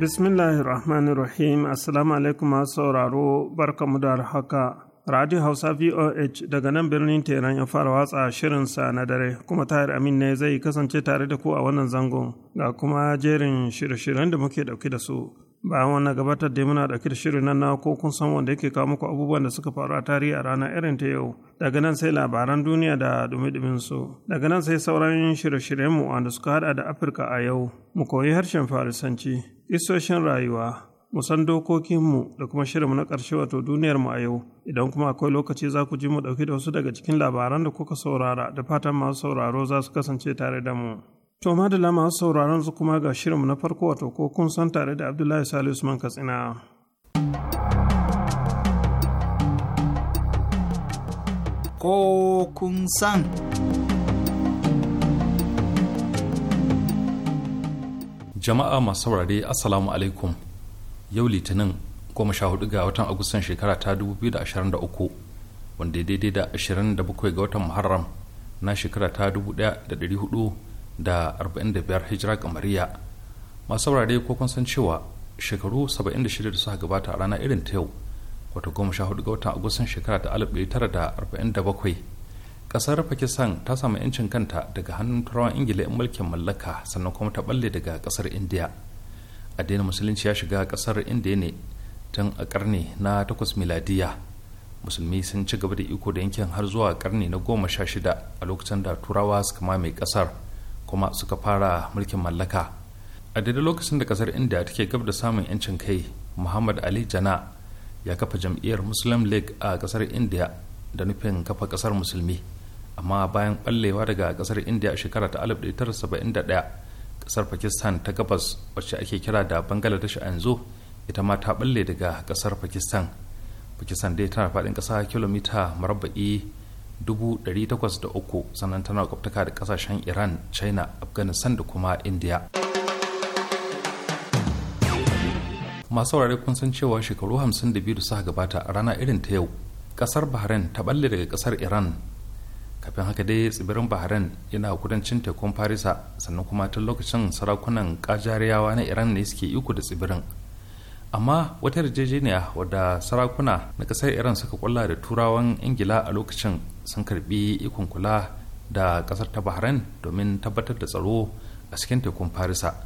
bismillahir rahmanir rahim assalamu alaikum masu sauraro barkamu da haka radio hausa voh daga nan birnin teran ya fara watsa shirinsa na dare kuma tahir amin ne zai kasance tare da ku a wannan zangon ga kuma jerin shirye-shiryen da muke dauke da su bayan wannan gabatar da muna ɗauki da shirin nan na ko kun san wanda yake kawo muku abubuwan da suka faru a tarihi a ranar irin ta yau daga nan sai labaran duniya da dumi su daga nan sai sauran shirye-shiryen mu wanda suka hada da afirka a yau mu koyi harshen farisanci isoshin rayuwa mu san dokokinmu da kuma shirin mu na ƙarshe wato duniyarmu a yau idan kuma akwai lokaci za ku ji mu ɗauki da wasu daga cikin labaran da kuka saurara da fatan masu sauraro za su kasance tare da mu. To madalla masu sauraron su kuma ga shirinmu na farko wato ko kun san tare da Abdullahi Salisu Usman Katsina. Ko kun san. Jama'a masu saurare Assalamu alaikum. Yau Litinin goma sha hudu ga watan Agustan shekara ta 2023 wanda daidai da 27 ga watan Muharram na shekara ta 1400 da 45 hijira kamariya masu saurare ko kun san cewa shekaru 76 da suka gabata a rana irin ta yau wata goma sha hudu ga watan agustan shekara ta 1947 kasar pakistan ta samu 'yancin kanta daga hannun turawan ingila 'yan mulkin mallaka sannan kuma ta balle daga kasar india addinin musulunci ya shiga kasar india ne tun a karni na 8 miladiya musulmi sun ci gaba da iko da yankin har zuwa karni na shida a lokacin da turawa suka mame kasar kuma suka fara mulkin mallaka a daidai lokacin da kasar india take gab da samun 'yancin kai muhammad ali jana ya kafa jam'iyyar muslim league a kasar india da nufin kafa kasar musulmi amma bayan ɓallewa daga kasar india a shekara ta 1971 kasar pakistan ta gabas wacce ake kira da bangladesh a yanzu ita ma ta ɓalle daga kasar pakistan pakistan dai tana faɗin ƙasa kilomita marabba'i 8,803 sannan tana kwaftaka da kasashen iran china afghanistan da kuma india masu saurare kun san cewa shekaru 52 da suka gabata a rana irin ta yau kasar bahrain ta balle daga kasar iran kafin haka dai tsibirin bahrain yana kudancin tekun farisa sannan kuma tun lokacin sarakunan kajariyawa na iran ne suke iko da tsibirin amma wata yarjejeniya wadda sarakuna na kasar iran suka kulla da turawan ingila a lokacin sun karbi ikon kula da kasar ta bahrain domin tabbatar da tsaro a cikin tekun farisa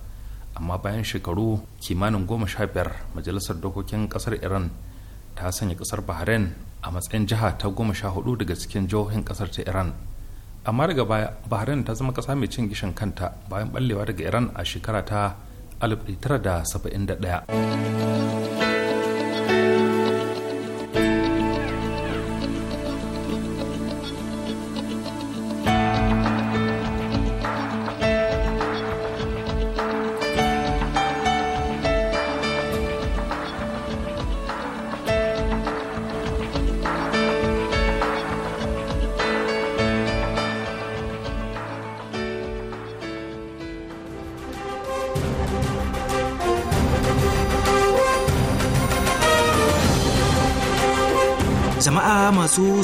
amma bayan shekaru kimanin goma sha biyar majalisar dokokin kasar iran ta sanya kasar bahrain a matsayin jiha ta goma sha hudu daga cikin jihohin kasar ta iran amma daga baya bahrain ta zama kasa mai cin gishin kanta bayan ballewa daga iran a shekara ta 1971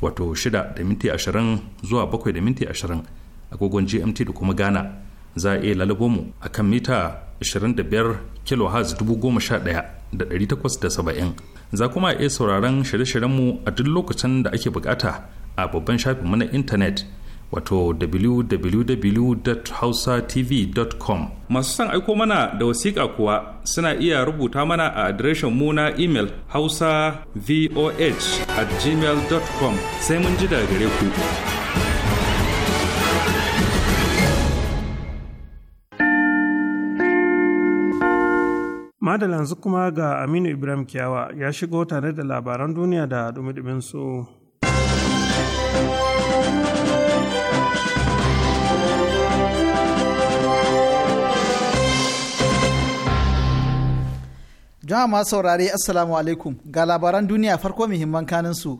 wato 6 da minti ashirin zuwa 7 da minti ashirin agogon gmt da kuma ghana za a iya lalubo mu a kan mita 25 kHz 11870 za kuma a iya sauraron shirye-shiryenmu a duk lokacin da ake bukata a babban shafinmu na intanet wato www.hausatv.com masu son aiko mana da wasiƙa kuwa suna iya rubuta mana a adireshin mu na imel hausa voh at gmail.com sai mun ji daga gare ku yanzu kuma ga aminu ibrahim kiyawa ya shigo tare da labaran duniya da dumi su. jama'a masu saurari assalamu alaikum ga labaran duniya farko muhimman kanin su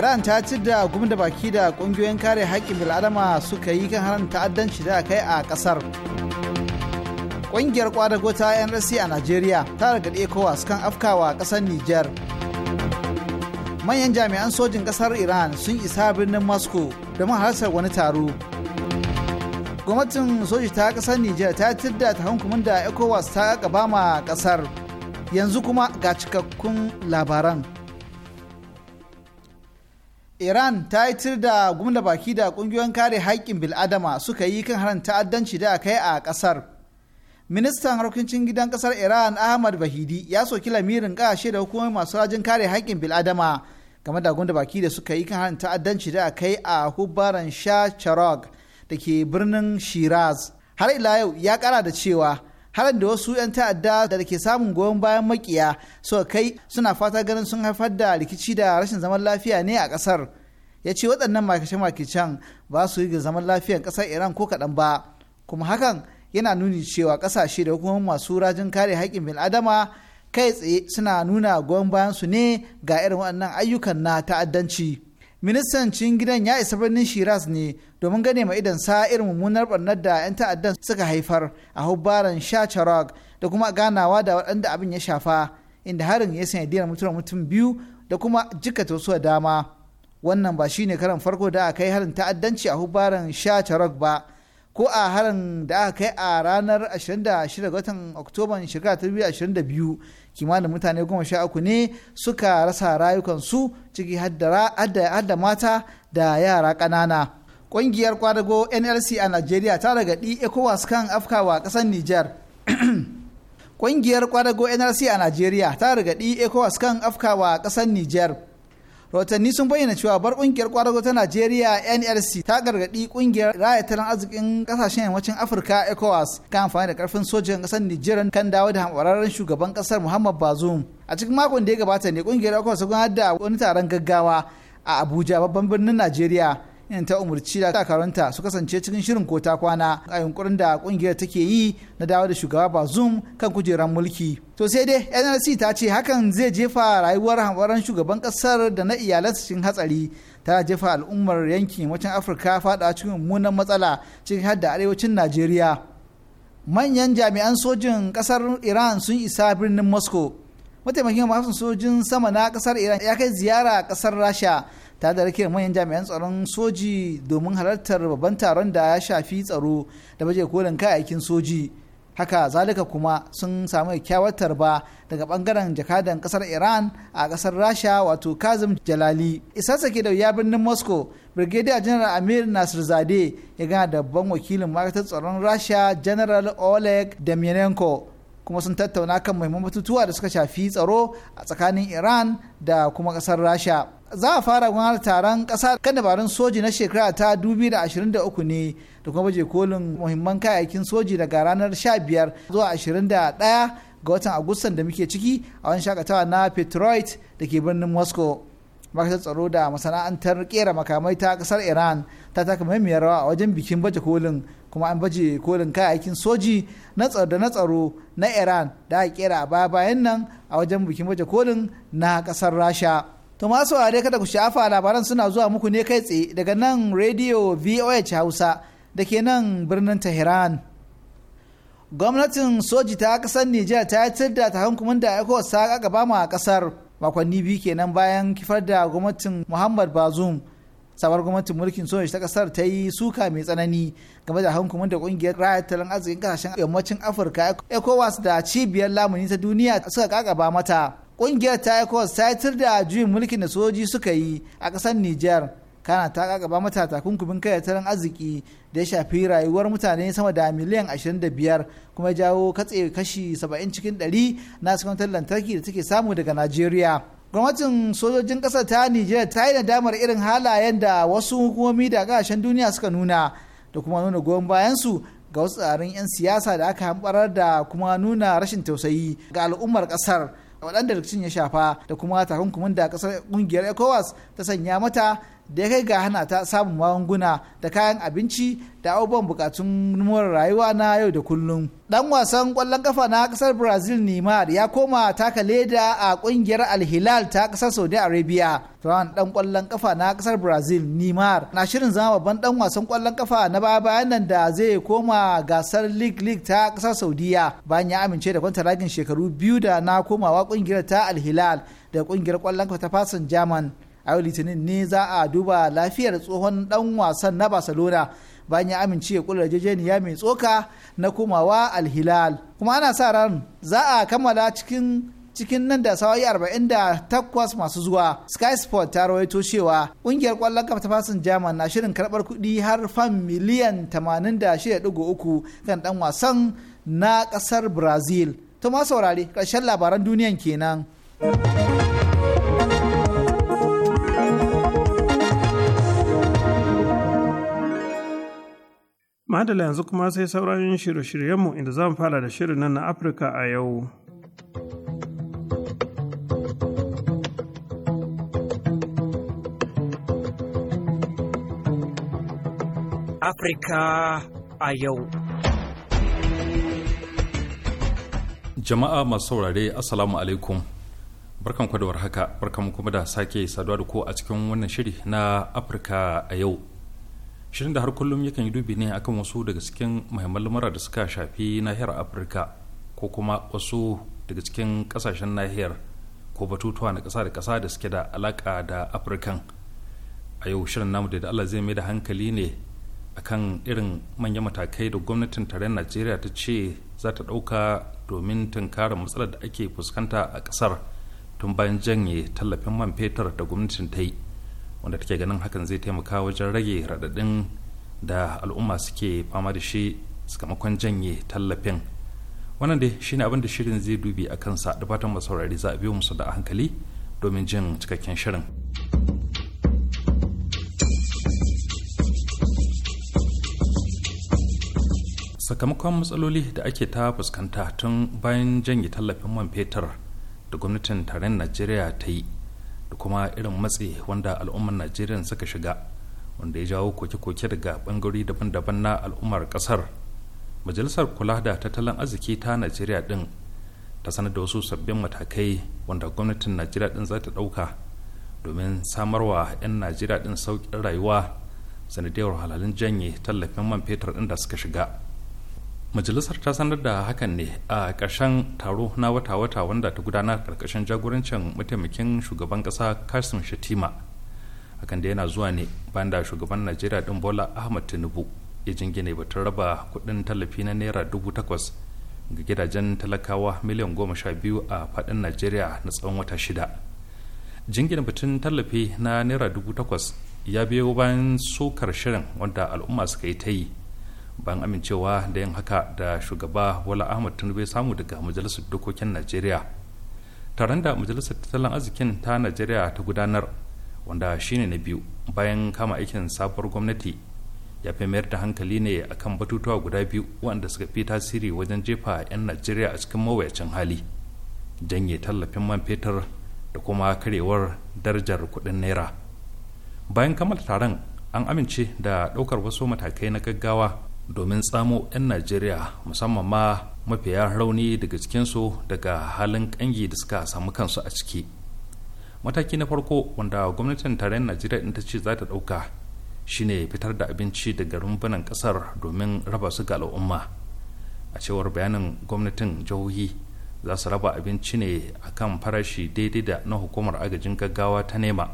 iran ta ci da gwamnati baki da kungiyoyin kare haƙƙin bil'adama suka yi kan haran ta'addanci da kai a ƙasar ƙungiyar kwadago ta nrc a najeriya ta gargaɗe kowa sukan afkawa ƙasar niger manyan jami'an sojin kasar iran sun isa birnin moscow da halartar wani taro gwamnatin soji ta kasar niger ta tidda ta hankumin da ecowas ta gaba ma kasar. yanzu kuma ga cikakkun labaran Iran ta yi tir da gumda baki da kungiyoyin kare haƙƙin bil'adama suka yi kan harin ta'addanci da kai a kasar. Ministan harkokin gidan ƙasar Iran Ahmad Bahidi ya soki lamirin ƙashe da hukumomi masu rajin kare haƙƙin bil'adama game da gunda baki da suka yi kan harin ta'addanci da aka yi a hubaran sha charog da ke birnin shiraz har ila yau ya kara da cewa harin da wasu 'yan ta'adda da ke samun goyon bayan makiya suka kai suna fata ganin sun haifar da rikici da rashin zaman lafiya ne a kasar ya ce waɗannan makice-makicen ba su yi ga zaman lafiyar kasar iran ko kaɗan ba kuma hakan yana nuni cewa ƙasashe da hukumomin masu rajin kare haƙƙin bil'adama kai tsaye suna nuna goyon bayan su ne ga irin waɗannan ayyukan na ta'addanci ministan cin gidan ya isa birnin shiraz ne domin gane ma idan sa irin mummunar barnar da 'yan ta'addan suka haifar a hubbaran shacharag da kuma ganawa da waɗanda abin ya shafa inda harin ya diyar mutuwar mutum biyu da kuma jikata wasu a dama wannan ba shine karan farko da aka kai harin ta'addanci a hubbaran shacharag ba ko a harin da aka kai a ranar 26 ga watan oktoban shekara 2022 kimanin mutane goma sha uku ne suka rasa rayukansu ciki hadda mata da yara ƙanana. Ƙungiyar kwadago NLC a Najeriya ta ragaɗi ECOWAS kan afkawa ƙasar Nijar. Ƙungiyar kwadago NLC a Najeriya ta ragaɗi ECOWAS kan afkawa ƙasar Nijar. rahotanni sun bayyana cewa bar kungiyar kwadago ta najeriya nlc ta gargadi kungiyar raya ran arzikin kasashen yammacin afirka ecowas kan amfani da karfin sojan kasar nijar kan dawo da hambararren shugaban kasar muhammad bazoum a cikin makon da ya gabata ne kungiyar ecowas ta gudanar da wani taron gaggawa a abuja babban birnin najeriya in ta umarci da takarunta su kasance cikin shirin ko ta kwana a yunkurin da kungiyar take yi na dawo da shugaba bazum kan kujerar mulki to sai dai nlc ta ce hakan zai jefa rayuwar hamɓaran shugaban kasar da na iyalansa cikin hatsari ta jefa al'ummar yankin yammacin afirka fada cikin mummunan matsala cikin har arewacin najeriya manyan jami'an sojin kasar iran sun isa birnin moscow mataimakin masu sojin sama na kasar iran ya kai ziyara kasar rasha ta da rake manyan jami'an tsaron soji domin halartar babban taron da ya shafi tsaro da baje kolin kayayyakin soji haka zalika kuma sun samu kyakkyawar tarba daga bangaren jakadan kasar iran a kasar rasha wato kazim jalali isarsa ke da wuya birnin moscow brigadier general amir nasir zade ya gana da babban wakilin ma'aikatar tsaron rasha general oleg demyanenko kuma sun tattauna kan muhimman batutuwa da suka shafi tsaro a tsakanin iran da kuma kasar rasha za a fara gudanar taron kasa kan dabarun soji na shekara ta 2023 ne da kuma baje kolin muhimman kayayyakin soji daga ranar 15 zuwa 21 ga watan agustan da muke ciki a wani shakatawa na Detroit da ke birnin Moscow. makasar tsaro da masana'antar kera makamai ta kasar iran ta taka muhimmiyar rawa a wajen bikin baje kolin kuma an baje kolin kayayyakin soji na tsaro da na tsaro na iran da aka kera a baya bayan nan a wajen bikin baje kolin na kasar rasha To masu ware kada ku shafa labaran suna zuwa muku ne kai tsaye daga nan Radio VOH Hausa da ke nan birnin Tehran. Gwamnatin soji ta kasar Nijar ta yi da ta hankumin da aiko sa gaba ma kasar makonni biyu kenan bayan kifar da gwamnatin Muhammad Bazoum. sabar gwamnatin mulkin soji ta kasar ta yi suka mai tsanani game da hankumin da kungiyar rayar talan arzikin kasashen yammacin afirka ecowas da cibiyar lamuni ta duniya suka kakaba mata ƙungiyar ta yi ta da juyin mulkin da sojoji suka yi a kasar nijar kana ta kakaba mata takunkumin kai tattalin arziki da ya shafi rayuwar mutane sama da miliyan 25 kuma jawo katse kashi 70 cikin 100 na sakwantar lantarki da take samu daga najeriya gwamnatin sojojin kasar ta nijar ta yi nadamar irin halayen da wasu hukumomi da ƙasashen duniya suka nuna da kuma nuna goyon bayansu ga wasu tsarin 'yan siyasa da aka hamɓarar da kuma nuna rashin tausayi ga al'ummar kasar. waɗanda rikicin ya shafa da kuma takunkumin da ƙasar ƙungiyar ecowas ta sanya mata da ya kai ga hana ta samun magunguna da kayan abinci da abubuwan bukatun more rayuwa na yau da kullum. Dan wasan kwallon kafa na kasar Brazil Neymar ya koma taka leda a kungiyar alhilal ta kasar Saudi Arabia. Turan dan kwallon kafa na kasar Brazil Neymar na shirin zama babban dan wasan kwallon kafa na baya bayan nan da zai koma gasar League League ta kasar Saudiya bayan ya amince da kwantaragin shekaru biyu da na komawa kungiyar ta alhilal da kungiyar kwallon kafa ta Fasan German. a litinin ne za a duba lafiyar tsohon dan wasan na barcelona bayan ya amince ya kula jejeniya mai tsoka na komawa alhilal kuma ana sa ran za a kammala cikin cikin nan da sawayi 48 masu zuwa sky sport ta rawaito cewa kungiyar kwallon kafa ta fasin jaman na shirin karbar kudi har fan miliyan 86.3 kan dan wasan na kasar brazil to ma saurare karshen labaran duniyan kenan. Madala yanzu kuma sai sauran shirye-shiryenmu inda zan fara da shirin nan na Afirka a yau. Afirka a yau. Jama'a masu saurare Assalamu alaikum. Barkan kwadowar haka, barkan kuma da sake saduwa da ku a cikin wannan shiri na Afirka a yau. shirin da har kullum yakan yi dubi ne akan wasu daga cikin muhimman lamura da suka shafi nahiyar afirka ko kuma wasu daga cikin kasashen nahiyar ko batutuwa na kasa da kasa da suke da alaka da afirkan a yau shirin namu da allah zai mai da hankali ne akan irin manyan matakai da gwamnatin tarayyar najeriya ta ce za ta ɗauka domin tunkarar matsalar da ake fuskanta a ƙasar tun bayan janye tallafin man fetur da gwamnatin ta yi wanda take ganin hakan zai taimaka wajen rage radadin da al'umma suke fama da shi sakamakon janye tallafin wannan dai shine abin da shirin zai dubi a kansa da fatan masaurari za a biyo musu da hankali domin jin cikakken shirin sakamakon matsaloli da ake ta fuskanta tun bayan janye tallafin man fetur da gwamnatin tarayyar najeriya ta yi da kuma irin matsi wanda al'ummar najeriya suka shiga wanda ya jawo koke-koke daga bangarori daban-daban na al'ummar kasar majalisar kula da tattalin arziki ta najeriya din ta sanar da wasu sabbin matakai wanda gwamnatin najeriya din za ta dauka domin samarwa 'yan najeriya din sauƙin rayuwa sanadiyar halalin janye tallafin man fetur din da suka shiga majalisar ta sanar da hakan ne a ƙarshen taro na wata-wata wanda ta gudanar ƙarƙashin jagorancin mataimakin shugaban ƙasa kasim shatima hakan da yana zuwa ne bayan da shugaban najeriya ɗin bola ahmad tinubu ya jingine batun raba kuɗin tallafi na naira dubu takwas ga gidajen talakawa miliyan goma sha biyu a faɗin najeriya na tsawon wata shida jingina batun tallafi na naira dubu takwas ya biyo bayan sukar shirin wanda al'umma suka yi ta yi bayan amincewa da yin haka da shugaba wala ahmad tinubu samu daga majalisar dokokin najeriya taron da majalisar tattalin arzikin ta najeriya ta gudanar wanda shine na biyu bayan kama aikin sabuwar gwamnati ya fi mayar da hankali ne akan batutuwa guda biyu wanda suka fi tasiri wajen jefa 'yan najeriya a cikin mawuyacin hali janye tallafin man fetur da kuma karewar darajar kuɗin naira bayan kammala taron an amince da ɗaukar wasu matakai na gaggawa domin tsamo 'yan najeriya musamman ma mafiya rauni daga cikinsu daga halin kangi da suka samu kansu a ciki mataki na farko wanda gwamnatin tarayyar najeriya ta ce za ta ɗauka shine fitar da abinci daga rumbunan ƙasar domin raba su ga al'umma a cewar bayanin gwamnatin jihohi za su raba abinci ne a kan farashi daidai da na hukumar agajin gaggawa ta nema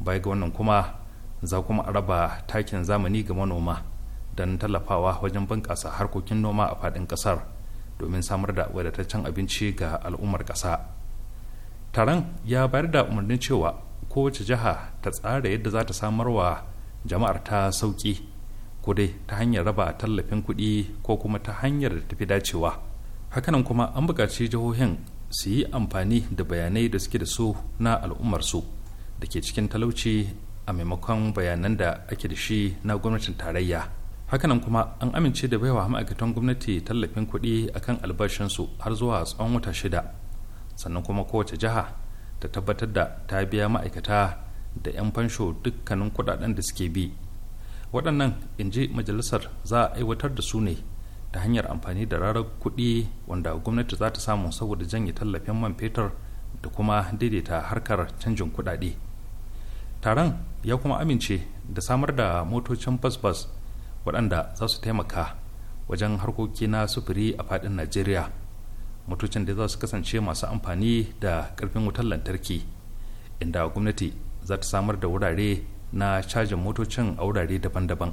baya ga wannan kuma za kuma a raba takin zamani ga manoma don tallafawa wajen bunƙasa harkokin noma a faɗin ƙasar domin samar da wadataccen abinci ga al'ummar ƙasa taron ya bayar da umarnin cewa kowace jiha ta tsara yadda za ta samar wa jama'ar ta sauƙi ko ta hanyar raba tallafin kuɗi ko kuma ta hanyar da tafi dacewa hakanan kuma an buƙaci jihohin su yi amfani da bayanai da suke da su na al'ummar su da ke cikin talauci a maimakon bayanan da ake da shi na gwamnatin tarayya hakanan kuma an amince da baiwa ma'aikatan gwamnati tallafin kuɗi a kan albashinsu har zuwa tsawon wata shida sannan kuma kowace jiha ta tabbatar da ta biya ma'aikata da 'yan fansho dukkanin kuɗaɗen da suke bi waɗannan in ji majalisar za a aiwatar da su ne ta hanyar amfani da rarar kuɗi wanda gwamnati za ta samu saboda janye tallafin man fetur da kuma daidaita harkar canjin kuɗaɗe taron ya kuma amince da samar da motocin bas-bas waɗanda za su taimaka wajen harkoki na sufuri a faɗin najeriya motocin da za su kasance masu amfani da ƙarfin wutar lantarki inda gwamnati za ta samar da wurare na cajin motocin a wurare daban-daban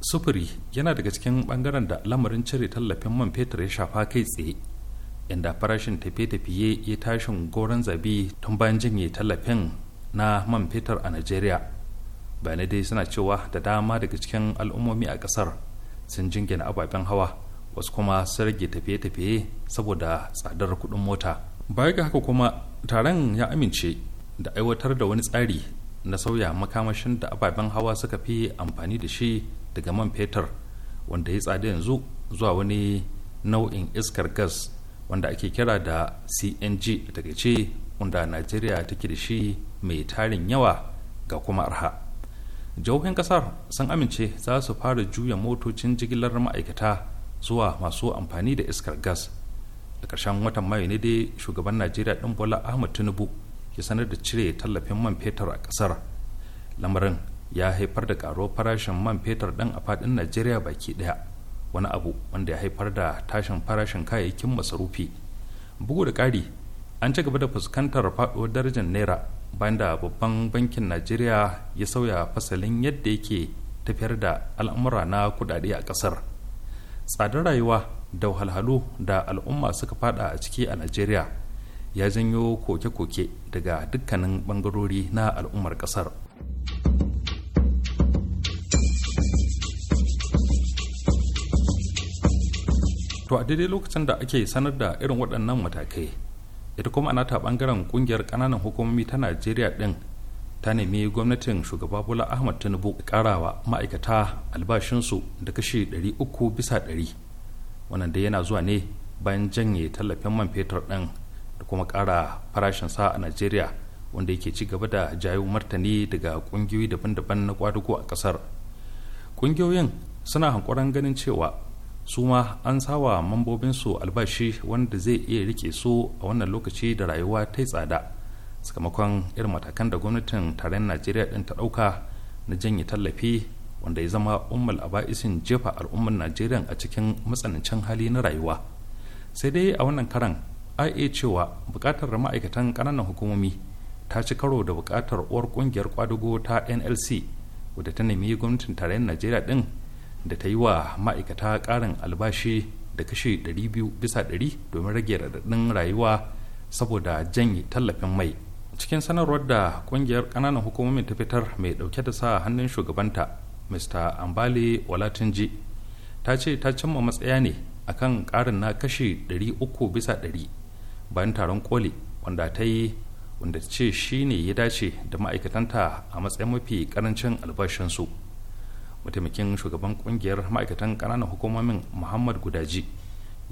sufuri yana daga cikin ɓangaren da lamarin cire tallafin man fetur ya shafa kai tsaye inda farashin tafiye-tafiye ya tashin goron zabi tun bayan jinye tallafin na man fetur a najeriya bayanai dai suna cewa da dama daga cikin al'ummomi a kasar sun jingina ababen hawa wasu kuma sun rage tafiye-tafiye saboda tsadar kuɗin mota baya ga haka kuma taron ya amince da aiwatar da wani tsari na sauya makamashin da ababen hawa suka fi amfani da shi daga man fetur wanda ya tsada yanzu zuwa wani nau'in iskar gas wanda ake kira da cng daga ce wanda najeriya take da shi mai tarin yawa ga kuma arha jihohin kasar sun amince za su fara juya motocin jigilar ma'aikata zuwa masu amfani da iskar gas da ƙarshen watan mayu ne dai shugaban najeriya ɗin bola ahmad tinubu ya sanar da cire tallafin man fetur a ƙasar lamarin ya haifar da ƙaruwar farashin man fetur ɗin a faɗin najeriya baki ɗaya wani abu wanda ya haifar da tashin farashin kayayyakin masarufi bugu da ƙari an ci gaba da fuskantar faɗuwar darajar naira bayan da babban bankin najeriya ya sauya fasalin yadda yake tafiyar da al'amura na kudade a kasar tsadar rayuwa da wahalhalu da al'umma suka fada a ciki a najeriya ya janyo koke-koke daga dukkanin bangarori na al'ummar kasar to a daidai lokacin da ake sanar da irin waɗannan matakai ita kuma ana ta bangaren kungiyar kananan hukumomi ta najeriya din ta nemi gwamnatin shugaba bola ahmad tinubu karawa ma'aikata albashinsu da kashi 300 bisa 100 wannan dai yana zuwa ne bayan janye tallafin man fetur din da kuma kara farashin sa a najeriya wanda yake ci gaba da jayo martani daga kungiyoyi daban-daban na kwadugo a kasar kungiyoyin suna hankuran ganin cewa su ma an sawa mambobinsu albashi wanda zai iya rike su a wannan lokaci da rayuwa ta yi tsada sakamakon irin matakan da gwamnatin tarayyar najeriya din ta dauka na janye tallafi wanda ya zama ummal aba'isin jefa al'ummar najeriya a cikin matsanancin hali na rayuwa sai dai a wannan karan a iya cewa bukatar ma'aikatan ƙananan hukumomi ta ci karo da bukatar uwar ƙungiyar kwadugo ta nlc wadda ta nemi gwamnatin tarayyar najeriya din da ta yi wa ma'aikata ƙarin albashi da kashe 200 bisa 100 domin rage raɗaɗin rayuwa saboda janye tallafin mai cikin sanarwar da kungiyar ƙananan hukumomin ta fitar mai ɗauke da sa hannun shugabanta mr ambale walatinji ta ce ta cimma matsaya ne akan ƙarin na kashe 300 bisa 100 bayan taron koli wanda ta yi wanda ce shi ne ya dace da ma'aikatanta a matsayin mafi ƙarancin albashinsu mataimakin shugaban kungiyar ma'aikatan kananan hukumomin muhammad gudaji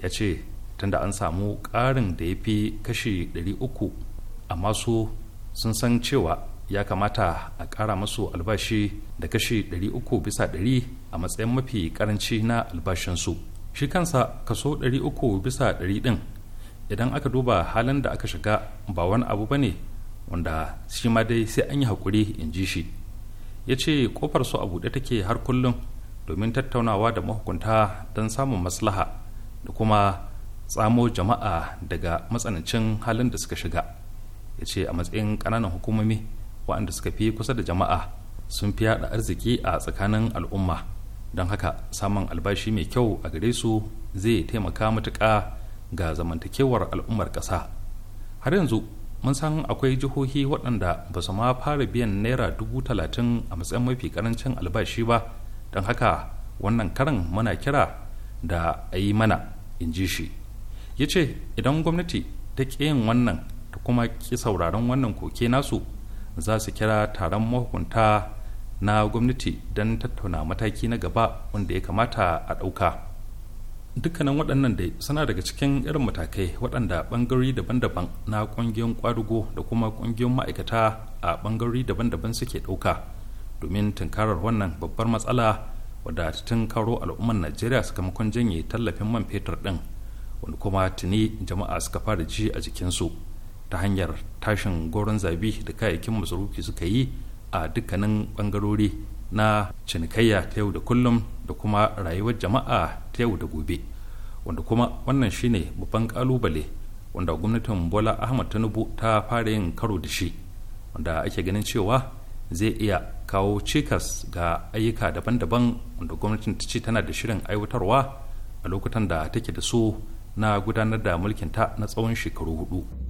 ya ce tunda an samu ƙarin da ya fi kashi 300 amma su sun san cewa ya kamata a ƙara masu albashi da kashi 300 bisa 100 a matsayin mafi karanci na albashinsu shi kansa kaso 300 bisa 100 ɗin idan aka duba halin da aka shiga ba wani abu ba ne wanda shi ma dai sai an yi haƙuri in ji shi ya ce kofar su a buɗe take har kullum domin tattaunawa da mahukunta don samun maslaha da kuma tsamo jama'a daga matsanancin halin da suka shiga ya ce a matsayin ƙananan hukumomi waɗanda suka fi kusa da jama'a sun fi yaɗa arziki a tsakanin al'umma don haka samun albashi mai kyau a gare su zai taimaka matuƙa ga zamantakewar al'ummar ƙasa har yanzu mun san akwai jihohi waɗanda ba su ma fara biyan naira dubu talatin a matsayin mafi karancin albashi ba don haka wannan karan muna kira da a yi mana in ji shi ya ce idan gwamnati ta yin wannan ta kuma ƙi sauraron wannan koke nasu za su kira taron mahukunta na gwamnati don tattauna mataki na gaba wanda ya kamata a ɗauka. dukkanin waɗannan dai suna daga cikin irin matakai waɗanda ɓangarori daban-daban na ƙungiyoyin ƙwadugo da kuma ƙungiyoyin ma'aikata a ɓangarori daban-daban suke ɗauka domin tunkarar wannan babbar matsala wadda tun karo al'ummar najeriya sakamakon janye tallafin man fetur ɗin wani kuma tuni jama'a suka fara ji a jikinsu ta hanyar tashin goron zabi da kayayyakin masarufi suka yi a dukkanin ɓangarori na cinikayya ta yau da kullum da kuma rayuwar jama'a ta yau da gobe wanda kuma wannan shine babban kalubale wanda gwamnatin bola ahmad tanubu ta fara yin karo da shi wanda ake ganin cewa zai iya kawo cikas ga ayyuka daban-daban wanda gwamnatin ta ce tana da shirin aiwatarwa a lokutan da take da so na gudanar da mulkinta na tsawon shekaru hudu.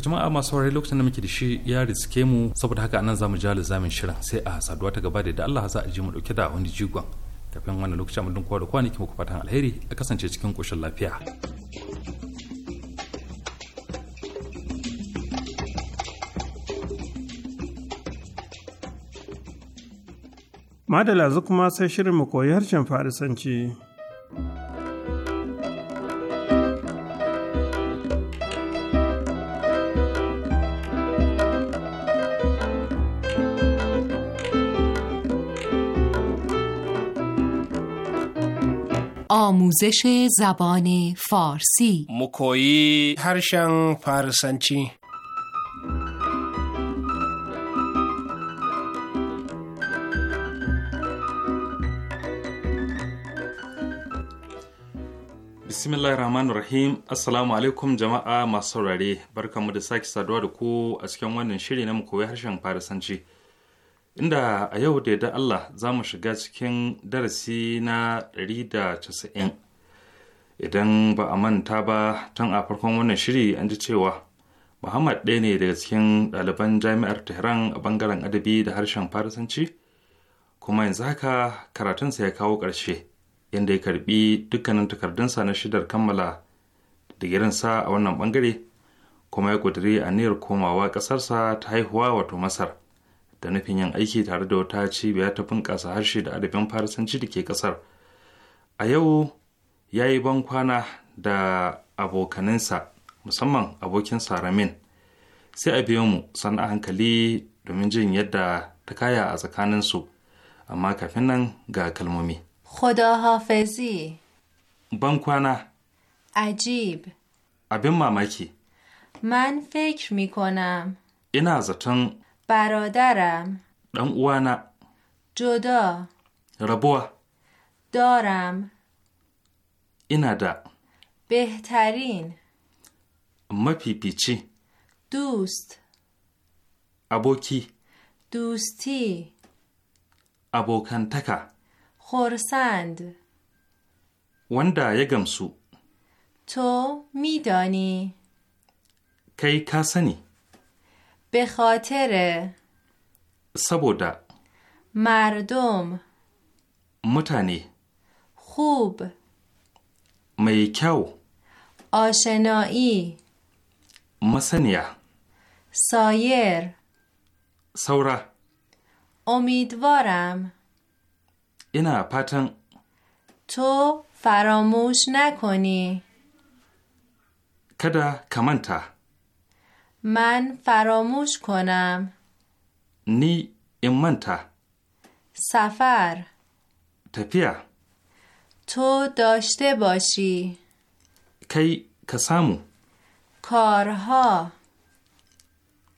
to jama'a masu saurari lokacin da muke da shi ya riske mu saboda haka anan zamu ja lizamin shirin sai a saduwa ta gaba da da Allah za a ji mu dauke da wani jigon kafin wannan lokacin mun kowa da kwanaki muku fatan alheri a kasance cikin koshin lafiya Madala kuma sai shirin mu koyi harshen Farisanci. آموزش زبان فارسی مکویی هرشن فارسنچی bismillah rahmanir rahim assalamu alaikum jama'a masu saurare barkamu da sake saduwa da ku a cikin wannan shiri na mu koyi harshen farisanci inda a yau da da Allah za mu shiga cikin darasi na 190 idan ba a manta ba tun a farkon wannan shiri an ji cewa Muhammad ɗaya ne daga cikin ɗaliban jami'ar Tehran a bangaren adabi da harshen Farisanci kuma yanzu haka karatunsa ya kawo ƙarshe inda ya karbi dukkanin takardunsa na shidar kammala digirinsa a wannan bangare kuma ya ƙudiri a aniyar komawa ƙasarsa ta haihuwa wato Masar. da nufin yin aiki tare da wata cibiya ta bunƙasa harshe da adabin farisanci da ke ƙasar a yau ya yi ban kwana da abokaninsa musamman abokin saramin sai a biyo mu sannan hankali domin jin yadda ta kaya a tsakaninsu amma kafin nan ga kalmomi خداحافظی ban kwana abin mamaki man fake mikona. ina zaton برادرم ام وانا جدا ربوا دارم اینا بهترین مپی پیچی دوست ابوکی دوستی ابوکنتکا خورسند وندا یگمسو تو میدانی کی کسنی به خاطر سبودا مردم متنی خوب میکو آشنایی مسنیا سایر سورا امیدوارم اینا پتن تو فراموش نکنی کدا کمنته من فراموش کنم نی امنتا سفر تپیا تو داشته باشی کی کسامو کارها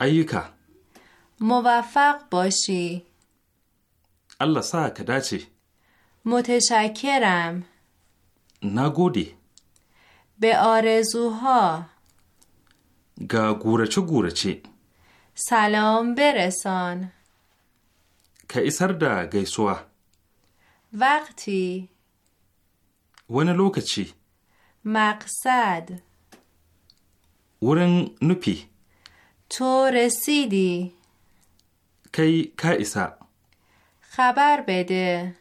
ایوکا موفق باشی الله سا کداچی متشکرم نگودی به آرزوها ga gurace gurace Salam berason. Ka isar da gaisuwa. Vakti. Wani lokaci. maksad Wurin nufi. To Sidi. Kai ka isa. Khabar bede.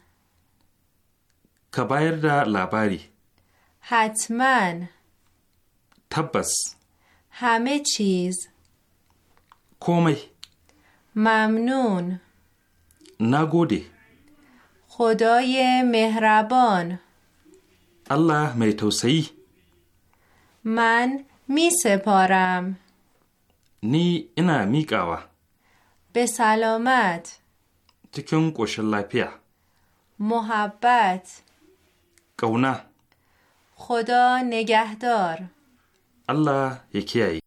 Ka bayar da labari. Hatman. Tabbas. همه چیز کومی ممنون نگودی خدای مهربان الله می من می سپارم نی اینا می به سلامت تکن قوشن پیا محبت کونه خدا نگهدار Allah ya kiyaye.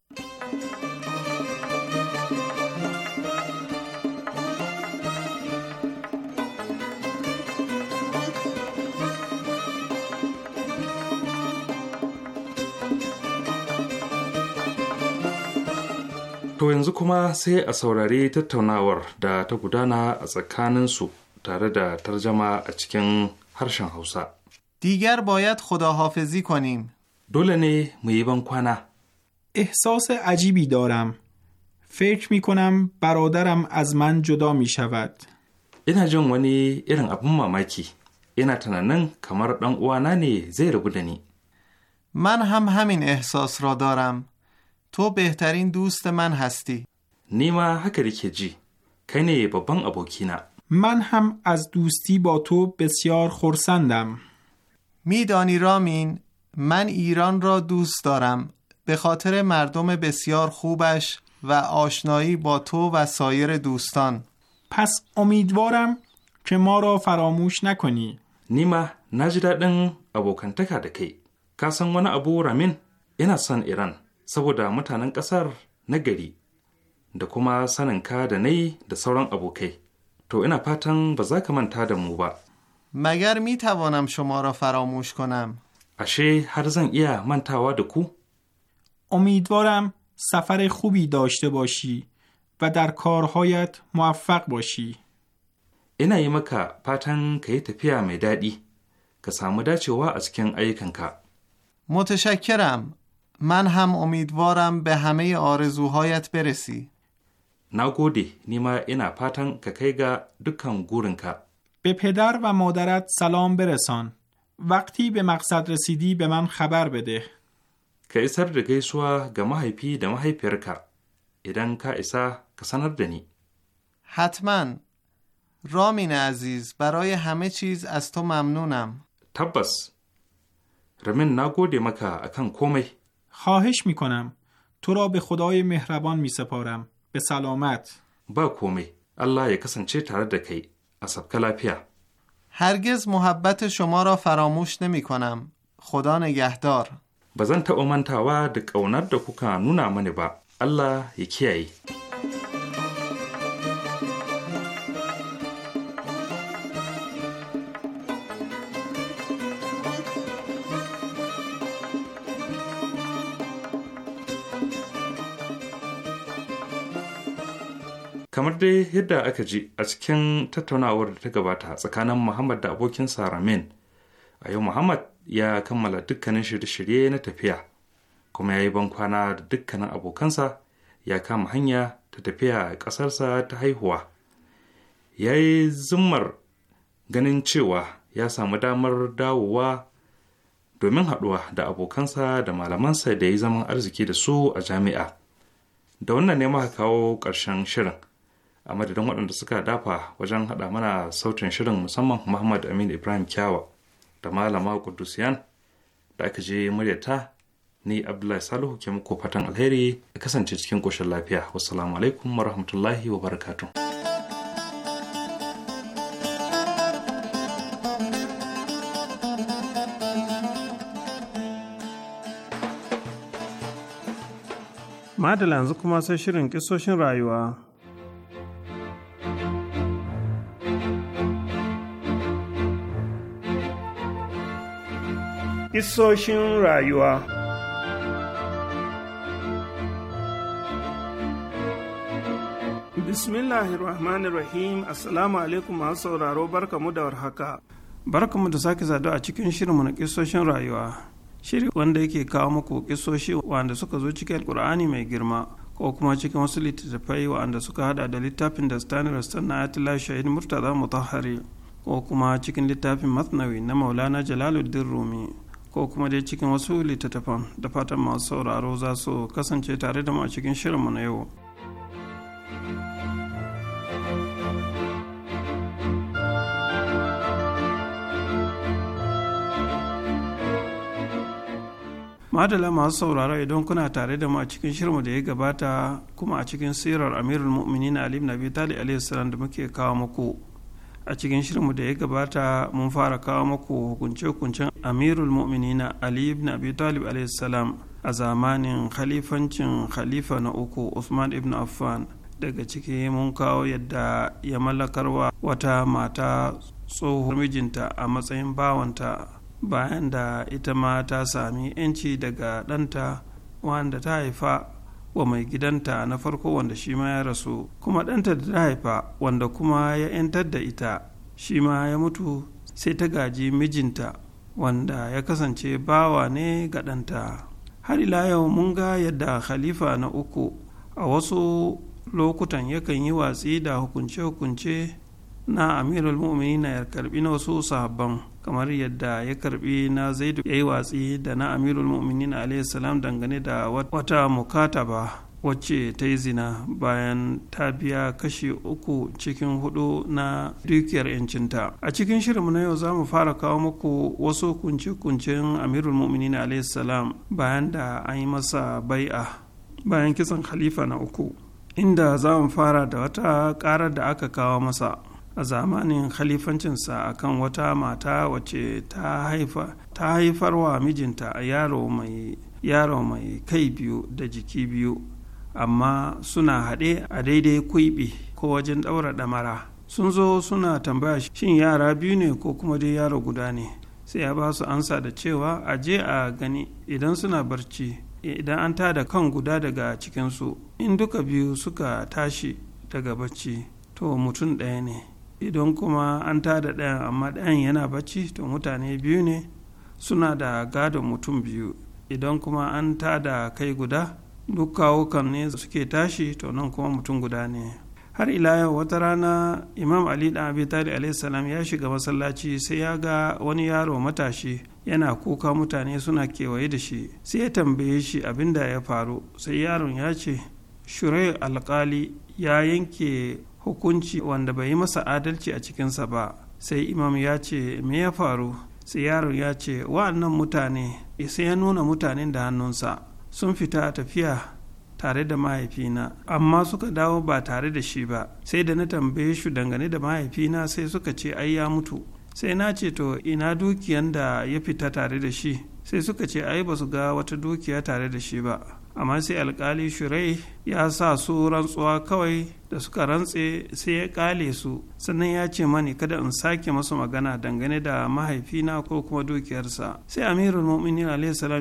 To yanzu kuma sai a saurari tattaunawar da ta gudana a tsakaninsu tare da tarjama a cikin harshen Hausa. Digar boyat خداحافظی کنیم. دوله نه احساس عجیبی دارم. فکر می کنم برادرم از من جدا می شود. اینا جون wani irin abin mamaki تننن کمر دان ɗan uwana ne بودنی من هم همین احساس را دارم تو بهترین دوست من هستی نیما هکری که جی کنی بابان ابوکینا من هم از دوستی با تو بسیار خورسندم میدانی رامین من ایران را دوست دارم به خاطر مردم بسیار خوبش و آشنایی با تو و سایر دوستان پس امیدوارم که ما را فراموش نکنی نیما نجد دن ابو کنتکا دکی کاسن ونا ابو رامین اینا سن ایران سبو دا متانن کسر نگری دا کما سنن که دنی دا سوران ابو که تو اینا پاتن بزاکمن تا دا موبا مگر می توانم شما را فراموش کنم ashe هر زن iya من da کو امیدوارم سفر خوبی داشته باشی و در کارهایت موفق باشی. اینا ای مکا پاتن که تپیا می دادی که سامو دا چوا از کن ایکن که. متشکرم. من هم امیدوارم به همه آرزوهایت برسی. نگودی نیما اینا پاتن که که دکن گورن که. به پدر و مادرت سلام برسان. وقتی به مقصد رسیدی به من خبر بده که اسر da gaisuwa ga mahaifi های mahaifiyarka ایدن کا ایسا کسانر دنی حتما رامین عزیز برای همه چیز از تو ممنونم تبس رامین نگوده مکا اکن کومه. خواهش میکنم تو را به خدای مهربان می سپارم به سلامت با کومه. الله یکسن کسنچه تاره دکی اصاب پیه. هرگز محبت شما را فراموش نمی کنم. خدا نگهدار. بزن تا اومن تاوا دک اونر دکو کانونا منی با. الله یکیایی. kamar dai yadda aka ji a cikin tattaunawar da ta gabata tsakanin muhammad da abokinsa ramin a yau muhammad ya kammala dukkanin shirye-shirye na tafiya kuma ya yi bankwana da dukkanin abokansa ya kama hanya ta tafiya a ƙasarsa ta haihuwa ya yi zimmar ganin cewa ya samu damar dawowa domin haɗuwa da abokansa da malamansa da ya yi zaman arziki da su a jami'a da wannan ne muka kawo ƙarshen shirin a madadin waɗanda suka dafa wajen haɗa mana sautin shirin musamman muhammad amin ibrahim kyawa da malama kudusiyan da aka je muryata ni abdullahi salihu ke muku fatan alheri a kasance cikin ƙoshin lafiya wassalamu alaikum wa wa barakatun. Madala yanzu kuma sai shirin kisoshin rayuwa. Isoshin rayuwa Bismillahirrahmanirrahim Assalamu alaikum masu sauraro barka barkamu da warhaka. Barkamu da sake sadu a cikin shirinmu na kisoshin rayuwa. Shiri wanda yake kawo muku kisoshi wanda suka zo cikin Alkur'ani mai girma ko kuma cikin wasu littattafai wanda suka hada da littafin da Stanley Rastan na Atila Shahid Murtaza Mutahari ko kuma cikin littafin Masnawi na Maulana Jalaluddin Rumi. ko kuma dai cikin wasu littattafan da fatan masu sauraro za su kasance tare da mu cikin shirinmu na yau. madala masu sauraro idan kuna tare da mu a cikin shirmu da ya gabata kuma a cikin sirar amirul mu'minin ali nabi talib alaihi da muke kawo muku a cikin shirinmu da ya gabata mun fara kawo maku hukunce-hukuncen amirul mu'minina ali ibn abi talib salam a zamanin khalifancin khalifa na uku usman ibn affan daga ciki mun kawo yadda ya mallakarwa wata mata tsohon mijinta a matsayin bawanta bayan da ita ma ta sami 'yanci daga ɗanta wanda ta haifa wa mai gidanta na farko wanda shi ma ya rasu kuma ɗanta da ta haifa wanda kuma ya 'yantar da ita shi ma ya mutu sai ta gaji mijinta wanda ya kasance bawa ne ga ɗanta har ila yau mun ga yadda khalifa na uku a wasu lokutan yakan yi watsi da hukunce-hukunce na amirul mu'minina ya karbi na wasu sahabban kamar yadda ya karbi na zaidu ya yi watsi da na amirul na alayhi salam dangane da wata mukata ba wacce ta yi zina bayan ta biya kashi uku cikin hudu na dukiyar yancinta a cikin shirinmu na yau za mu fara kawo muku wasu kunce-kuncen amirul na alayhi salam bayan da an yi masa bai'a bayan kisan khalifa na uku inda za mu fara da wata karar da aka kawo masa a zamanin khalifancinsa kan wata mata wace ta haifar wa mijinta a yaro mai yaro mai kai biyu da jiki biyu amma suna haɗe a daidai kuiɓi ko wajen ɗaura ɗamara sun zo suna tambaya shin yara biyu ne ko kuma dai yaro guda ne sai ya ba su ansa da cewa a je a gani idan suna barci idan an tada kan guda daga cikinsu in duka biyu suka tashi daga barci to mutum ɗaya ne idan kuma an da ɗayan amma ɗayan yana bacci to mutane biyu ne suna da gadon mutum biyu idan kuma an da kai guda duk kawukan ne suke tashi to nan kuma mutum guda ne har ila yau wata rana imam ali dan abi talib salam ya shiga masallaci sai ya ga wani yaro matashi yana kuka mutane suna kewaye da shi sai ya tambaye shi abin da ya faru sai yaron ya ce shurai alkali ya yanke hukunci wanda bai yi masa adalci a cikinsa ba sai imam ya ce me ya faru sai yaron ya ce wa'annan mutane sai ya nuna mutanen da hannunsa sun fita tafiya tare da mahaifina amma suka dawo ba tare da shi ba sai da na tambaye shi dangane da mahaifina sai suka ce ai ya mutu sai na ce to ina dukiyan da ya fita tare da shi sai suka ce ai ba su ga wata dukiya tare da shi ba amma sai alkali shirai ya sa su rantsuwa kawai da suka rantse sai ya kale su sannan ya ce mani kada in sake masu magana dangane da mahaifina ko kuma dukiyarsa sai amirul mu'minin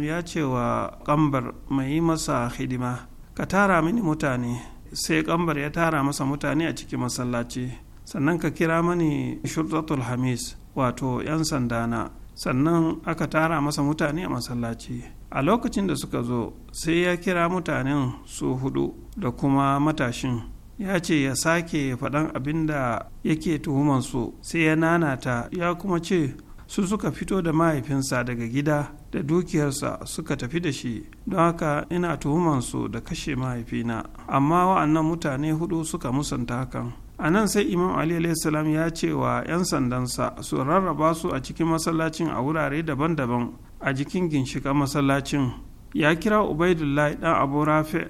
ya ce wa kambar mai yi masa hidima ka tara mini mutane sai kambar ya tara masa mutane a cikin masallaci sannan ka kira mani shurtatul hamis wato 'yan sandana sannan aka tara masa mutane a masallaci a lokacin da suka zo sai ya kira mutanen su hudu da kuma matashin ya ce ya sake faɗan abin da yake su sai ya nanata ya kuma ce su suka fito da mahaifinsa daga gida da dukiyarsa suka tafi da shi don haka ina su da kashe mahaifina amma wa'annan mutane hudu suka musanta hakan a nan sai imam ali salam ya ce wa 'yan sandansa su rarraba su a cikin masallacin a wurare daban-daban a jikin ginshiƙa masallacin ya kira ubaidullahi dan abu rafi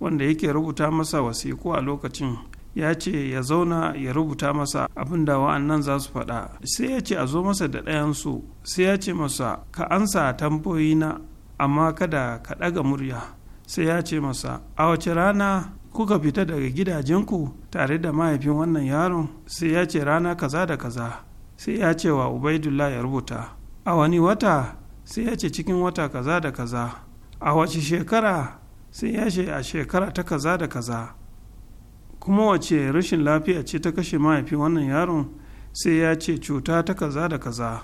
wanda yake rubuta masa wasiku a lokacin ya ce ya zauna ya rubuta masa abin da wa'annan za su faɗa sai ya ce a zo masa da ɗayansu sai ya ce masa ka ansa tambayoyi na, amma kada ka ɗaga murya sai ya ce masa a wace rana kuka fita daga gidajenku tare da mahaifin wannan yaron sai ya ce rana kaza da kaza sai ya ce wa ubaidullah ya rubuta a wani wata sai ya ce cikin wata kaza da kaza a wace shekara sai ya ce a shekara ta kaza da kaza kuma wace rashin lafiya ce ta kashe mahaifi wannan yaron sai ya ce cuta ta kaza da kaza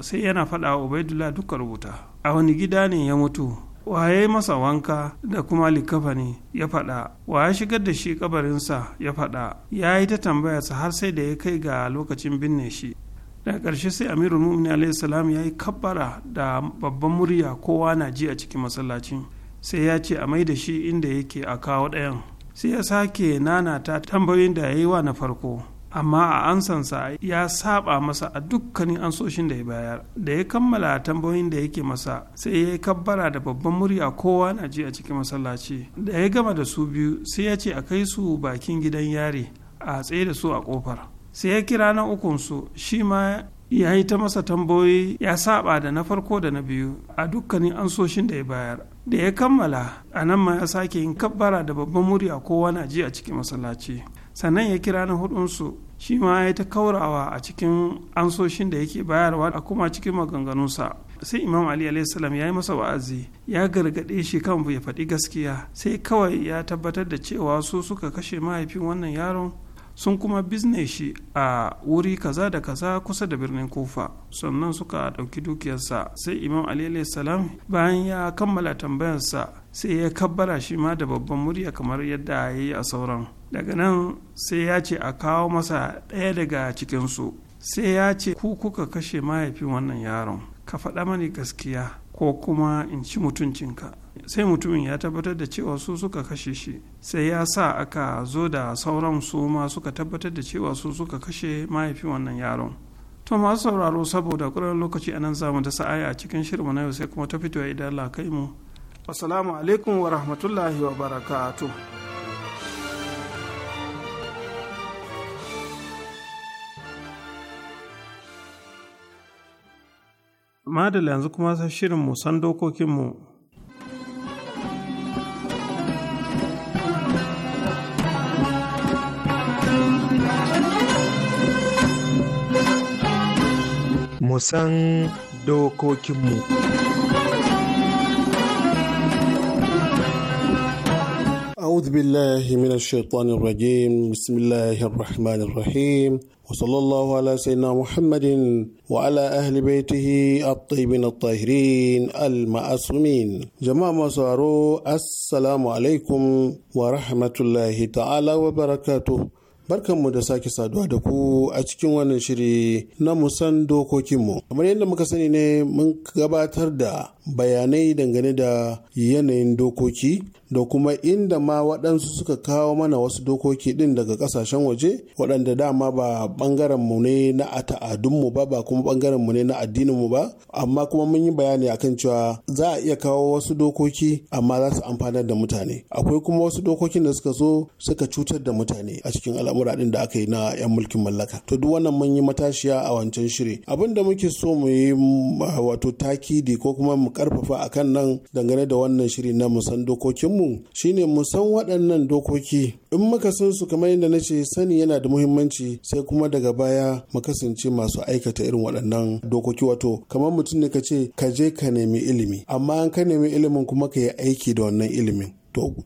sai yana faɗa wa ubaidullah duka rubuta a wani gida ne ya mutu waye masa wanka da kuma likafa ne ya faɗa waye shigar da shi kabarinsa ya faɗa ya yi ta tambayarsa har sai da ya kai ga lokacin binne shi da ƙarshe sai amirul mumini alaihi salam ya yi kabbara da babban murya kowa na ji a cikin masallacin sai ya ce a mai da shi inda yake a kawo ɗayan sai ya sake ta tambayoyin da ya yi wa na farko amma a ansansa ya saba masa a dukkanin ansoshin da ya bayar da ya kammala tambayoyin da yake masa sai ya yi kabbara da babban murya kowa na ji a cikin masallaci da ya gama da su biyu sai ya ce a kai su bakin gidan yare a tsaye da su a kofar sai ya kira na ukunsu shi ma ya yi ta masa tambayoyi ya saba da na farko da na biyu a dukkanin ansoshin da ya bayar da ya kammala a nan ma ya sake yin kabbara da babban murya kowa na ji a cikin masallaci sannan ya kira na hudunsu shi ma ya ta kaurawa a cikin ansoshin da yake bayarwa a kuma cikin maganganunsa sai imam ali salam ya yi masa wa'azi ya gargaɗe shi kan ya faɗi gaskiya sai kawai ya tabbatar da cewa su suka kashe mahaifin wannan yaron sun kuma bizne shi a wuri kaza da kaza kusa da birnin kufa sannan suka ɗauki dukiyarsa sai imam ali salam bayan ya kammala tambayarsa sai ya kabbara shi ma da babban murya kamar yadda ya yi a sauran daga nan sai ya ce a kawo masa ɗaya daga cikinsu sai ya ce ku kuka kashe mahaifin wannan yaron ka faɗa mani gaskiya ko kuma in ci mutuncinka sai mutumin ya tabbatar da cewa su suka kashe shi sai ya sa aka zo da sauran su ma suka tabbatar da cewa su suka kashe mahaifin wannan yaron to masu sauraro saboda ƙuran lokaci anan zamu ta sa'aya a cikin shirma na yau sai kuma ta fito ya idan Allah kai mu assalamu alaikum wa rahmatullahi wa barakatuh Madalla yanzu kuma sai shirin mu san dokokinmu. Mu san dokokinmu. أعوذ بالله من الشيطان الرجيم بسم الله الرحمن الرحيم وصلى الله على سيدنا محمد وعلى أهل بيته الطيبين الطاهرين المعصومين جماعة مصارو السلام عليكم ورحمة الله تعالى وبركاته barkanmu da sake saduwa da ku a cikin wannan shiri na musan dokokinmu kamar yadda muka sani ne mun gabatar da bayanai dangane da yanayin dokoki da kuma inda ma waɗansu suka kawo mana wasu dokoki ɗin daga ƙasashen waje waɗanda dama ba ɓangaren mu ne na ta'adunmu ba ba kuma ɓangaren mu ne na addinin mu ba amma kuma mun yi bayani akan cewa za a iya kawo wasu dokoki amma za su amfanar da mutane akwai kuma wasu dokokin da suka zo suka cutar da mutane a cikin al'amura ɗin da aka yi na 'yan mulkin mallaka to duk wannan mun yi matashiya a wancan shiri abin da muke so mu yi wato takidi ko kuma mu karfafa a kan nan dangane da wannan shiri na musan dokokinmu shine musan waɗannan dokoki in muka san su kamar yadda na ce sani yana da muhimmanci sai kuma daga baya mu kasance masu aikata irin waɗannan dokoki wato kamar mutum ne ka ce ka je ka nemi ilimi amma an ka nemi ilimin kuma ka yi aiki da wannan ilimin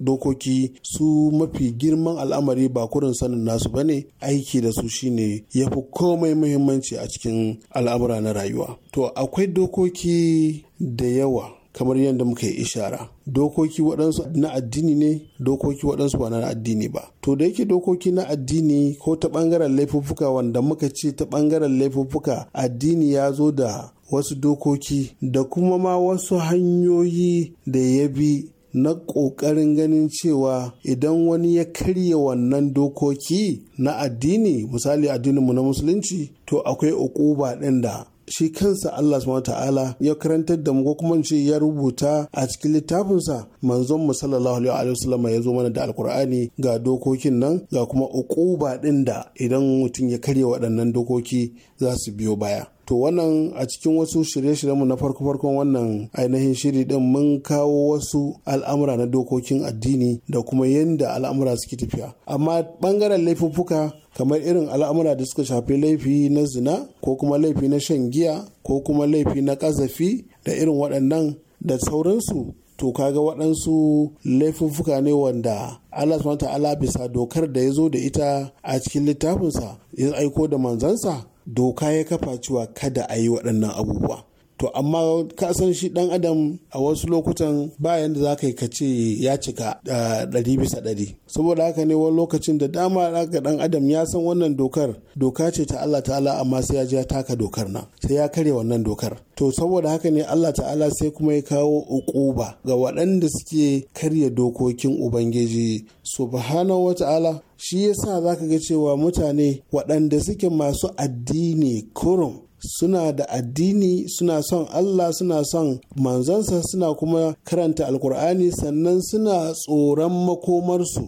dokoki su mafi girman al'amari ba kurin sanin nasu ba ne aiki da su shine ya fi komai muhimmanci a cikin al'amura na rayuwa to akwai dokoki da yawa kamar yadda muka yi ishara dokoki waɗansu na addini ne dokoki waɗansu ba na addini ba to da yake dokoki na addini ko ta ɓangaren laifuffuka wanda muka ce ta ɓangaren laifuffuka addini ya zo da wasu dokoki da kuma ma wasu hanyoyi da ya bi na ƙoƙarin ganin cewa idan wani ya karya wannan dokoki na addini misali addininmu na musulunci to akwai ukuba ɗin da shi kansa Allah subhanahu ta'ala ya karantar da mu ko kuma ce ya rubuta a cikin littafinsa manzon mu sallallahu alaihi sallama ya zo mana da alkur'ani ga dokokin nan ga kuma ukuba ɗin da idan mutum ya karya waɗannan dokoki za su biyo baya to wannan a cikin wasu shirye-shiryenmu na farko-farkon wannan ainihin shiri din mun kawo wasu al'amura na dokokin addini da kuma yadda al'amura suke tafiya amma bangaren laifuffuka kamar irin al'amura da suka shafi laifi na zina ko kuma laifi na shan giya ko kuma laifi na kazafi da irin waɗannan da sauransu to kaga waɗansu laifuffuka ne wanda Allah subhanahu ta'ala bisa dokar da ya zo da ita a cikin littafinsa ya aiko da manzansa doka ya kafa cewa kada a yi waɗannan abubuwa to amma ka san shi ɗan adam a wasu lokutan ba yadda za ka yi ka ce ya cika ɗari bisa ɗari saboda haka ne wani lokacin da dama ga ɗan adam ya san wannan dokar doka ce ta Allah ta'ala amma sai ya ji ya taka dokar nan sai ya karya wannan dokar to saboda haka ne Allah ta'ala sai kuma ya kawo uquba ga waɗanda suke karya dokokin ubangiji subhanahu ta'ala shi yasa zaka ga cewa mutane waɗanda suke masu addini kurum suna da addini suna son Allah suna son manzansa suna kuma karanta alkur'ani sannan suna tsoron makomarsu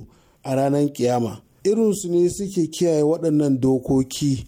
a ranar kiyama irinsu ne suke kiyaye waɗannan dokoki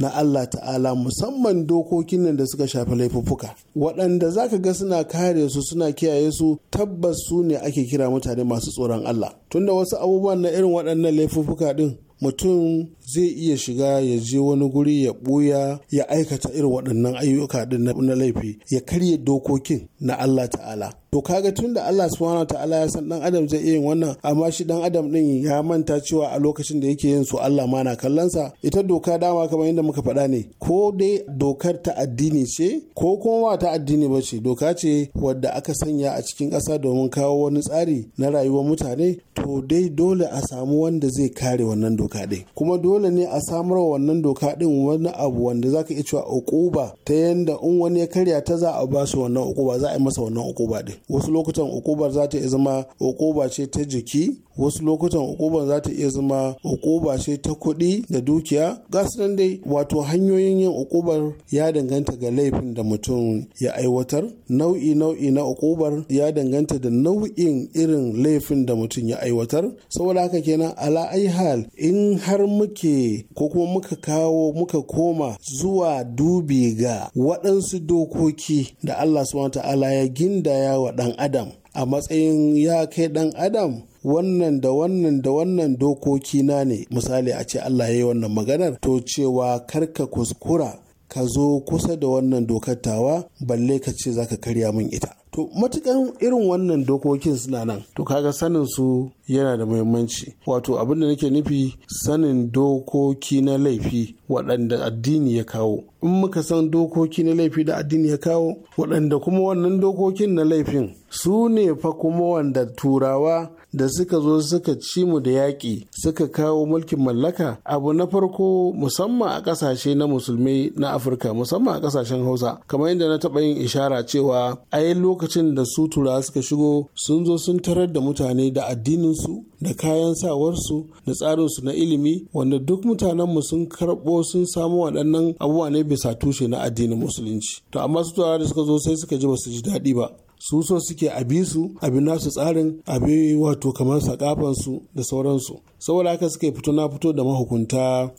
na Allah ta'ala musamman dokokin nan da suka shafi laifuffuka waɗanda za ka ga suna kare su suna kiyaye su tabbas su ne ake kira mutane masu tsoron Allah tunda wasu abubuwan na irin waɗannan laifuffuka ɗin mutum zai iya shiga ya je wani guri ya ɓuya ya aikata irin waɗannan ayyuka ɗin na laifi ya karya dokokin na Allah ta'ala to kaga da Allah subhanahu ta'ala ya san dan adam zai iya yin wannan amma shi dan adam din ya manta cewa a lokacin da yake yin su Allah ma na kallon sa ita doka dama kamar yadda muka faɗa ne ko dai dokar ta addini ce ko kuma ba ta addini ba ce doka ce wadda aka sanya a cikin ƙasa domin kawo wani tsari na rayuwar mutane to dai dole a samu wanda zai kare wannan doka din kuma dole ne a samar wa wannan doka din wani abu wanda zaka iya cewa ukuba ta yanda in wani ya karya ta za a ba su wannan ukuba za a yi masa wannan ukuba din wasu lokutan ukubar za ta iya zama ukuba ce ta jiki wasu lokutan ukubar za ta iya zama ukuba ce ta kuɗi da dukiya gasu nan dai wato hanyoyin yin ukubar ya danganta ga laifin da mutum ya aiwatar nau'i nau'i na ukubar ya danganta da nau'in irin laifin da mutum ya aiwatar saboda haka kenan ala hal in har muke ko kuma muka kawo muka koma zuwa dubi ga waɗansu dokoki da Allah subhanahu ta'ala ya gindaya wa ɗan adam a matsayin ya kai ɗan adam wannan da wannan da wannan dokoki na ne misali a ce Allah ya yi wannan maganar to cewa karka kuskura ka zo kusa da wannan dokar tawa balle ka ce ka karya min ita to matukan irin wannan dokokin suna nan to kaga sanin su yana da muhimmanci wato abin da nake nufi sanin dokoki na laifi waɗanda addini ya kawo in muka san dokoki na laifi da addini ya kawo waɗanda kuma wannan dokokin na laifin su ne fa kuma wanda turawa da suka zo suka ci mu da yaƙi suka kawo mulkin mallaka abu na farko musamman a ƙasashe na musulmi na afirka musamman a ƙasashen hausa kamar yadda na taɓa yin ishara cewa a lokacin da su tura suka shigo sun zo sun tarar da mutane da addininsu da kayan sawarsu da tsarinsu na ilimi wanda duk mutanenmu sun karɓo sun samu waɗannan abubuwa ne bisa tushe na addinin musulunci to amma su da suka zo sai suka ji ba su ji daɗi ba su so suke abi su abi nasu tsarin abi wato kamar sakafansu da sauransu saboda haka suke fito na fito da mahukunta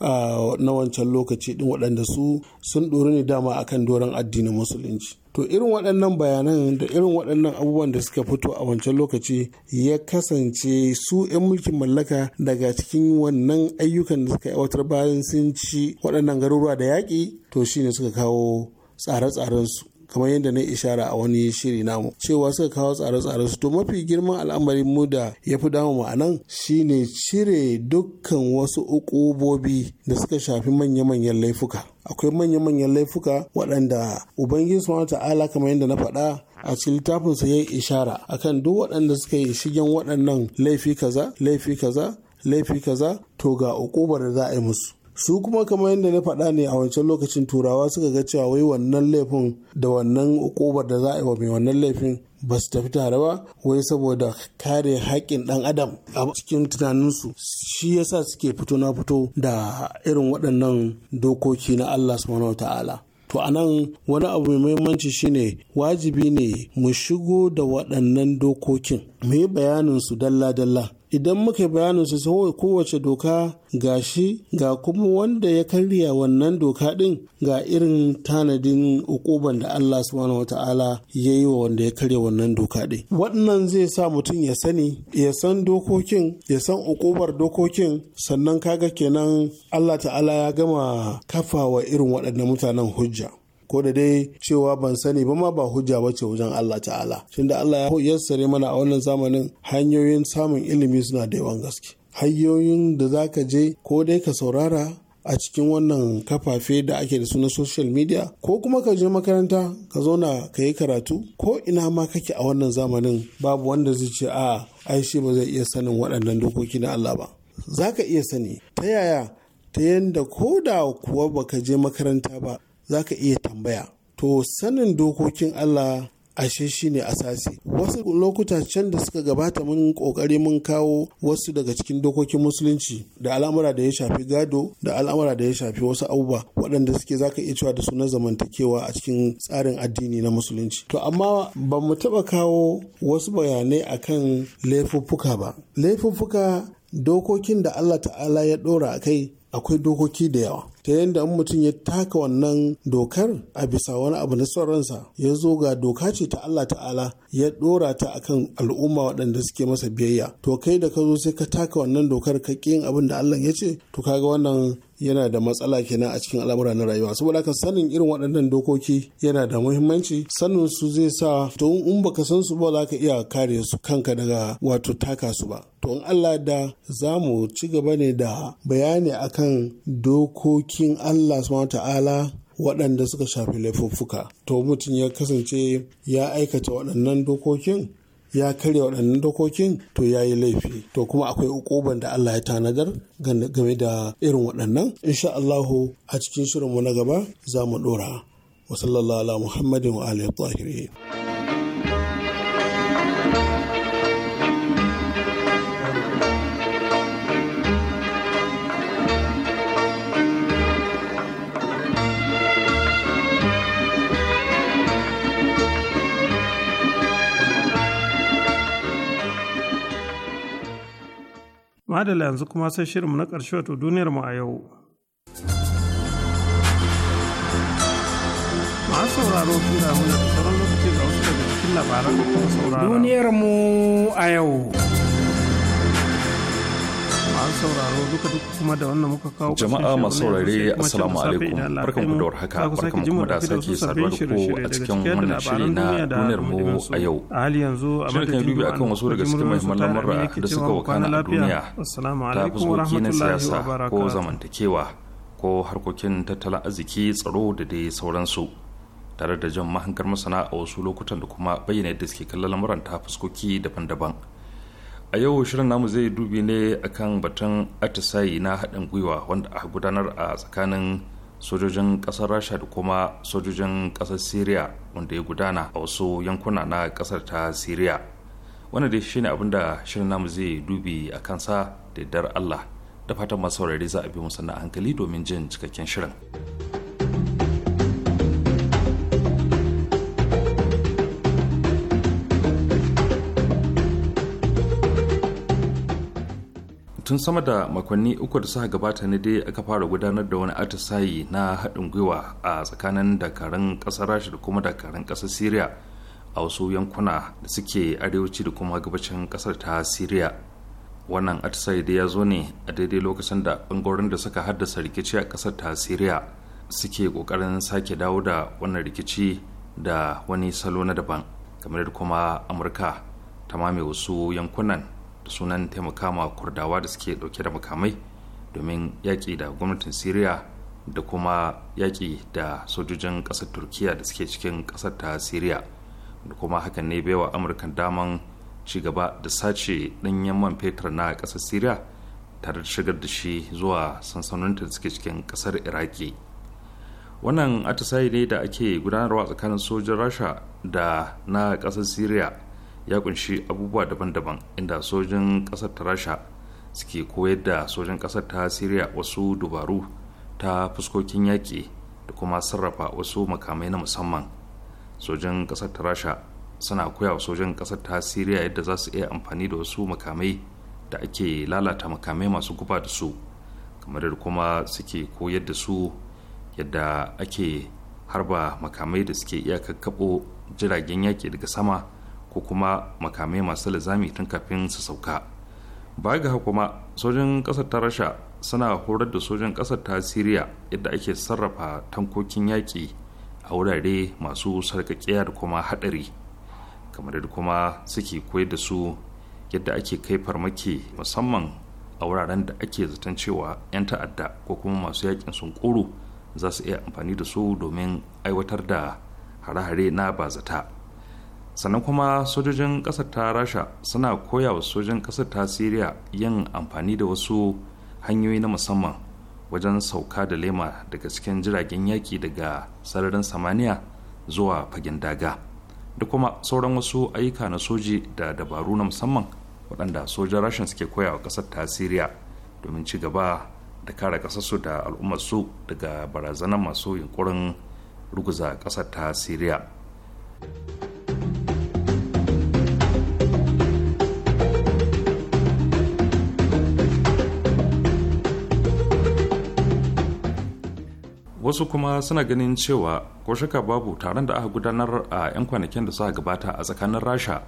na wancan lokaci din waɗanda su sun ɗori ne dama akan doron addinin musulunci to irin waɗannan bayanan da irin waɗannan abubuwan da suka fito a wancan lokaci ya kasance su 'yan mulkin mallaka daga cikin wannan ayyukan da suka aiwatar bayan sun ci waɗannan garuruwa da yaƙi to shine suka kawo tsare-tsarensu kamar yadda na ishara a wani shiri namu cewa suka kawo tsare-tsare su to mafi girman al'amarin mu da ya fi damu a nan shine cire dukkan wasu ukubobi da suka shafi manya-manyan laifuka akwai manya-manyan laifuka waɗanda ubangiji subhanahu ta'ala kamar yadda na faɗa a cikin littafinsa ya yi ishara akan duk waɗanda suka yi shigen waɗannan laifi kaza laifi kaza laifi kaza to ga ukubar da za a yi musu su kuma kamar yadda na faɗa ne a wancan lokacin turawa suka ga cewa wai wannan laifin da wannan ƙobar da za a yi wa mai wannan laifin ba su tafi tare ba wai saboda kare haƙƙin ɗan adam a cikin tunaninsu shi yasa suke fito na fito da irin waɗannan dokoki na Allah subhanahu ta'ala to a nan wani abu mai muhimmanci shine wajibi ne mu shigo da waɗannan dokokin mu yi bayanin su dalla-dalla idan muka bayanin su sai kowace doka ga shi ga kuma wanda ya karya wannan doka din ga irin tanadin ukuban da Allah subhanahu wata'ala ya yi wa wanda ya karya wannan doka din wannan zai sa mutum ya sani ya san dokokin ya san ukubar dokokin sannan kaga kenan Allah ta'ala ya gama kafawa irin waɗannan mutanen hujja ko da dai cewa ban sani ba ma ba hujja ba ce wajen Allah ta'ala tunda Allah ya yassare mana a wannan zamanin hanyoyin samun ilimi suna da yawan gaske hanyoyin da za ka je ko dai ka saurara a cikin wannan kafafe da ake da su na social media ko kuma ka je makaranta ka zauna ka yi karatu ko ina ma kake a wannan zamanin babu wanda zai ce a ai shi ba zai iya sanin waɗannan dokoki na Allah ba za ka iya sani ta yaya ta yanda ko da kuwa baka je makaranta ba za ka iya tambaya to sanin dokokin allah ashe shi shine asasi wasu lokuta can da suka gabata mun kokari mun kawo wasu daga cikin dokokin musulunci da al'amura da ya shafi gado da al'amura da ya shafi wasu abubuwa waɗanda suke zaka iya cewa da su na zamantakewa a cikin tsarin addini na musulunci to amma ba mu taɓa kawo wasu bayanai akan laifuffuka ba laifuffuka dokokin da Allah ta'ala ya ɗora a kai akwai dokoki da yawa ta yadda in mutum ya taka wannan dokar a bisa wani abu na son ransa ya zo ga doka ce ta Allah ta'ala ya dora ta akan al'umma waɗanda suke masa biyayya to kai da ka zo sai ka taka wannan dokar ka ƙin abin da Allah ya ce to kaga wannan yana da matsala kenan a cikin al'amura na rayuwa saboda ka sanin irin waɗannan dokoki yana da muhimmanci sanin su zai sa to in baka san su ba za ka iya kare su kanka daga wato taka su ba to in Allah da za mu ci gaba ne da bayani akan dokokin Allah subhanahu ta'ala waɗanda suka shafi laifuffuka to mutum ya kasance ya aikata waɗannan dokokin ya karya waɗannan dokokin to ya yi laifi to kuma akwai ukuban da Allah ya tanadar game da irin waɗannan insha Allahu a cikin shirinmu na gaba za mu ɗora wa sallallahu ala muhammadin wa alihi Madala yanzu kuma sai shirinmu na ƙarshe wato duniyarmu a yau. Masu sauraro tun da sauran lokaci ga wasu daga cikin labaran da kuma saurara. Duniyarmu a yau. sauraro duka duk kuma da wannan muka kawo jama'a masu saurare assalamu alaikum barkan mu da warhaka barkan kuma da sake saduwa da ku a cikin wannan shiri na duniyar mu a yau a hali yanzu a madadin dubi akan wasu daga cikin muhimman lamura da suka wakana a duniya ta fuskoki na siyasa ko zamantakewa ko harkokin tattalin arziki tsaro da dai sauransu tare da jan mahankar masana a wasu lokutan da kuma bayyana yadda suke kallon lamuran ta fuskoki daban-daban a yau shirin namu zai dubi ne akan batun atisayi na haɗin gwiwa wanda aka gudanar a tsakanin sojojin ƙasar rasha da kuma sojojin ƙasar syria wanda ya gudana a wasu yankuna na ƙasar ta syria wanda dai shine abin da shirin namu zai dubi a kansa da dar allah da fatan masu saurari za a bi musanna hankali domin jin cikakken shirin. tun sama da makonni uku da suka gabata ne dai aka fara gudanar da wani atisayi na haɗin gwiwa a tsakanin dakarun ƙasar rasha da kuma dakarun ƙasar syria a wasu yankuna da suke arewaci da kuma gabashin ƙasar ta syria wannan atisayi dai ya zo ne a daidai lokacin da ɓangaren da suka haddasa rikici a ƙasar ta syria suke ƙoƙarin sake dawo da wannan rikici da wani salo na daban kamar da kuma amurka ta mame wasu yankunan da sunan taimakama kurdawa da suke dauke da makamai domin yaƙi da gwamnatin siriya da kuma yaƙi da sojojin ƙasar turkiya da suke cikin ƙasar ta siriya da kuma hakan ne baiwa amurkan daman gaba da sace ɗanyen man fetur na ƙasar siriya tare da shigar da shi zuwa sansanoninta da suke cikin ƙasar iraki wannan atisayi ne da ake gudanarwa tsakanin sojin rasha da na ƙasar siriya ya kunshi abubuwa daban-daban inda sojin kasar ta rasha suke koyar da sojin kasar ta siriya wasu dubaru ta fuskokin yaƙi da kuma sarrafa wasu makamai na musamman sojin kasar ta rasha suna koya wa sojin kasar ta siriya yadda za su iya amfani da wasu makamai da ake lalata makamai masu guba da su kamar da kuma suke koyar da su yadda ake harba makamai da suke iya kakkaɓo jiragen yaƙi daga sama ko kuma makamai masu lizami tun kafin su sauka baya ga kuma sojin ƙasar ta rasha suna horar da sojin ƙasar ta siriya yadda ake sarrafa tankokin yaƙi a wurare masu sarƙaƙiya da kuma haɗari kamar da kuma suke koyar da su yadda ake kai farmaki musamman a wuraren da ake zaton cewa 'yan ta'adda ko kuma masu yaƙin sun za su iya amfani da su domin aiwatar da hare-hare na bazata sannan kuma sojojin kasar ta rasha suna koya wa sojojin ƙasar ta siriya yin amfani da wasu hanyoyi na musamman wajen sauka da lema daga cikin jiragen yaƙi daga sararin samaniya zuwa fagen daga da kuma sauran wasu ayyuka na soji da dabaru na musamman waɗanda sojin rashin suke koya wa ƙasar ta siriya domin ci gaba da kare ƙasarsu da al'ummarsu daga barazanar masu yunkurin ruguza ƙasar ta siriya wasu kuma suna ganin cewa ko shaka babu taron da aka gudanar a 'yan kwanakin da suka gabata a tsakanin rasha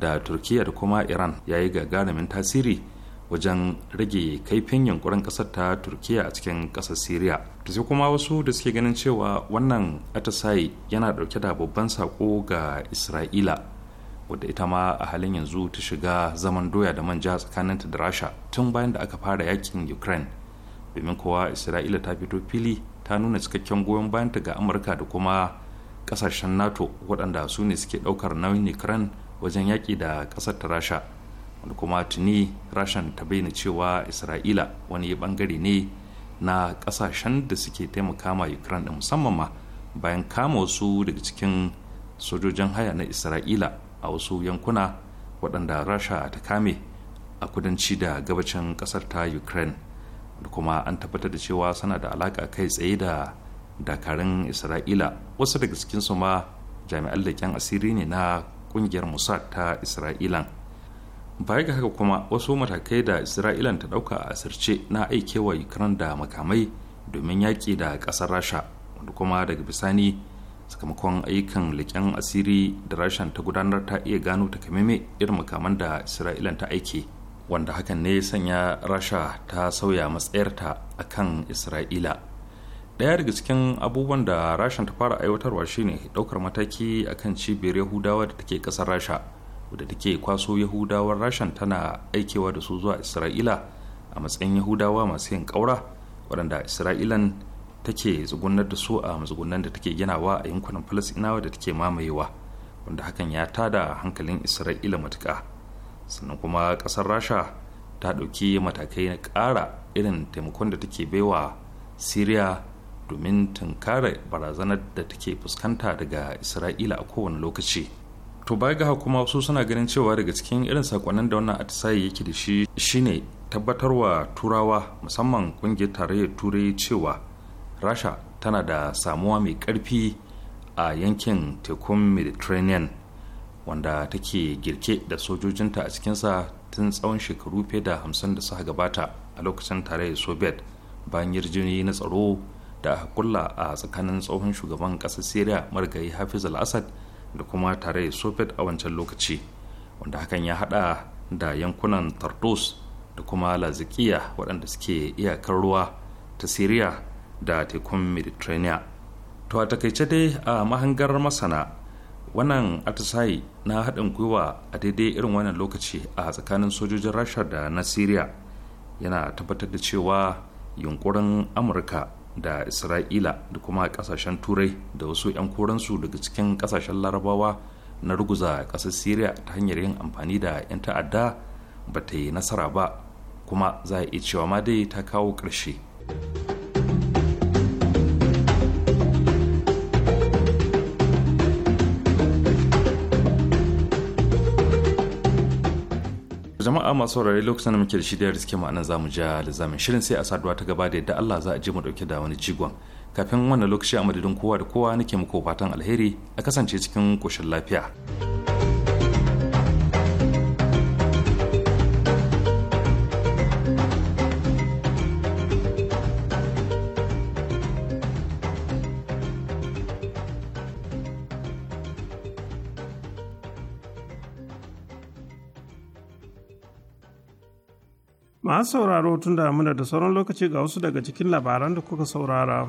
da turkiya da kuma iran ya yi gagarumin tasiri wajen rage kaifin yankurin kasar ta turkiya a cikin kasar syria da sai kuma wasu da suke ganin cewa wannan atisaye yana dauke da babban sako ga isra'ila wadda ita ma a halin yanzu ta shiga zaman doya da manja tsakaninta da rasha tun bayan da aka fara yakin ukraine domin kowa isra'ila ta fito fili ta nuna cikakken goyon bayanta ga amurka da kuma kasashen nato waɗanda su ne suke ɗaukar nauyin ukraine wajen yaƙi da ƙasar ta rasha wanda kuma tuni rashan ta bayyana cewa isra'ila wani bangare ne na ƙasashen da suke taimaka ma ukraine musamman ma bayan kama wasu daga cikin sojojin haya na isra'ila a wasu yankuna waɗanda rasha ta kame a kudanci da gabacin ƙasar ta ukraine da kuma an tabbatar da cewa suna da alaka kai tsaye da dakarun isra'ila wasu daga cikinsu ma jami'an leƙen asiri ne na ƙungiyar musa ta isra'ilan baya ga haka kuma wasu matakai da isra'ilan ta ɗauka a asirce na aikewa ukran da makamai domin yaƙi da ƙasar rasha wanda kuma daga bisani sakamakon ayyukan leƙen asiri da rashan ta gudanar ta iya gano takamaimai irin makaman da isra'ila ta aike wanda hakan ne sanya rasha ta sauya matsayarta a kan isra'ila ɗaya daga cikin abubuwan da rashin ta fara aiwatarwa shine ɗaukar mataki akan cibiyar yahudawa da take ƙasar rasha wadda take kwaso yahudawan rashin tana aikewa da su zuwa isra'ila a matsayin yahudawa masu yin ƙaura waɗanda isra'ilan take tsugunar da su a matsugunan da take ginawa a yankunan falasinawa da take mamayewa wanda hakan ya tada hankalin isra'ila matuƙa sannan kuma kasar rasha ta ɗauki matakai na ƙara irin taimakon da take baiwa syria domin tunkare barazanar da take fuskanta daga isra'ila a kowane lokaci to baya ga kuma wasu suna ganin cewa daga cikin irin sakonnin da wannan atisayi yake da shi shine tabbatarwa turawa musamman kungiyar tarayyar turai cewa rasha tana da samuwa mai karfi a yankin tekun mediterranean wanda take girke da sojojinta a cikinsa tun tsawon shekaru fiye da hamsin da suka gabata a lokacin tarayyar soviet bayan yarjejeniyoyi na tsaro da aka kulla a tsakanin tsohon shugaban ƙasar syria margayi hafiz al-assad da kuma tarayyar soviet a wancan lokaci wanda hakan ya hada da yankunan tardos da kuma lazikiya waɗanda suke iyakar ruwa ta syria da tekun mediterranean to a takaice dai a mahangar masana wannan atisaye na haɗin gwiwa a daidai irin wannan lokaci a tsakanin sojojin rasha da na syria yana tabbatar da cewa yunkurin amurka da isra'ila da kuma kasashen turai da wasu 'yan koransu daga cikin kasashen larabawa na ruguza ƙasar syria ta hanyar yin amfani da 'yan ta'adda ba ta yi nasara ba kuma za a iya cewa ma dai ta kawo ƙarshe. jama'a masu saurare lokacin da muke da shi da riske mu zamu ja lizamin shirin sai a saduwa ta gaba da yadda Allah za a je mu dauke da wani jigon kafin wannan lokaci a madadin kowa da kowa nake muku fatan alheri a kasance cikin koshin lafiya. masu sauraro tun da muna da sauran lokaci ga wasu daga cikin labaran da kuka saurara.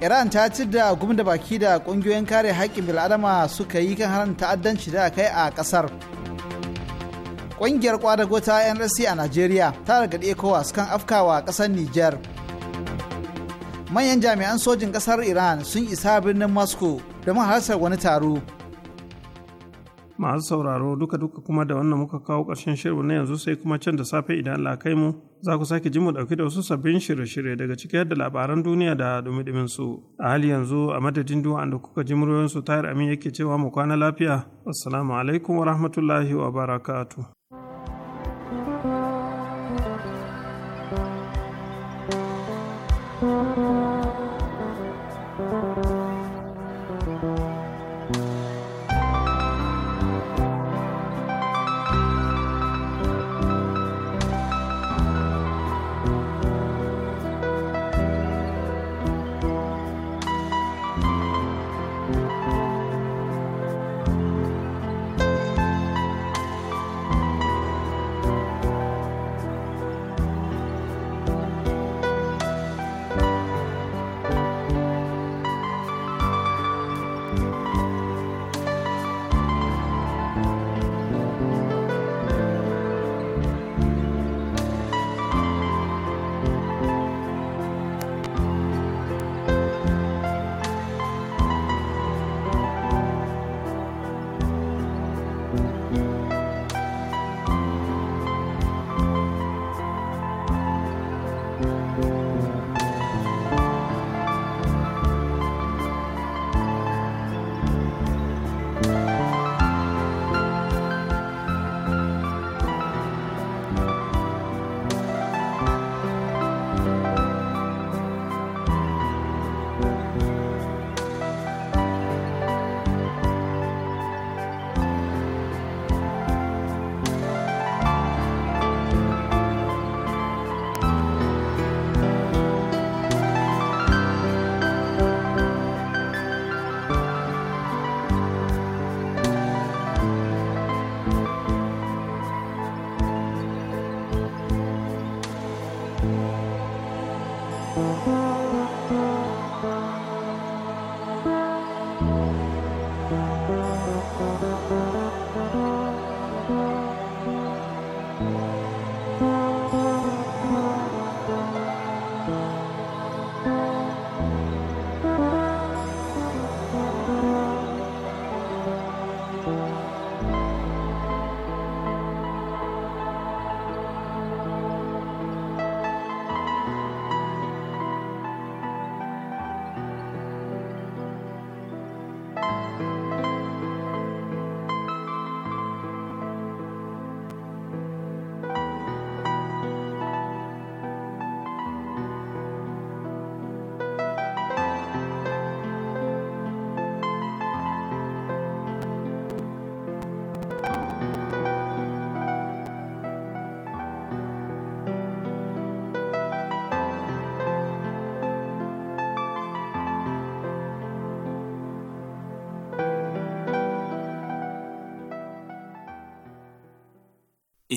Iran ta ci da gumi da baki da ƙungiyoyin kare haƙƙin bil'adama suka yi kan harin ta'addanci da kai a ƙasar. Ƙungiyar kwadago ta NRC a Najeriya ta gargaɗi ECOWAS kan afkawa ƙasar Nijar. Manyan jami'an sojin ƙasar Iran sun isa birnin Moscow domin halartar wani taro. masu sauraro duka duka kuma da wannan muka kawo ƙarshen shirin na yanzu sai kuma can da safe idan Allah kai mu za ku sake ji mu ɗauki da wasu sabbin shirye-shirye daga ciki da labaran duniya da dumi su a hali yanzu a madadin duwan da kuka ji muryoyin su tayar amin yake cewa mu kwana lafiya assalamu alaikum wa rahmatullahi wa barakatuh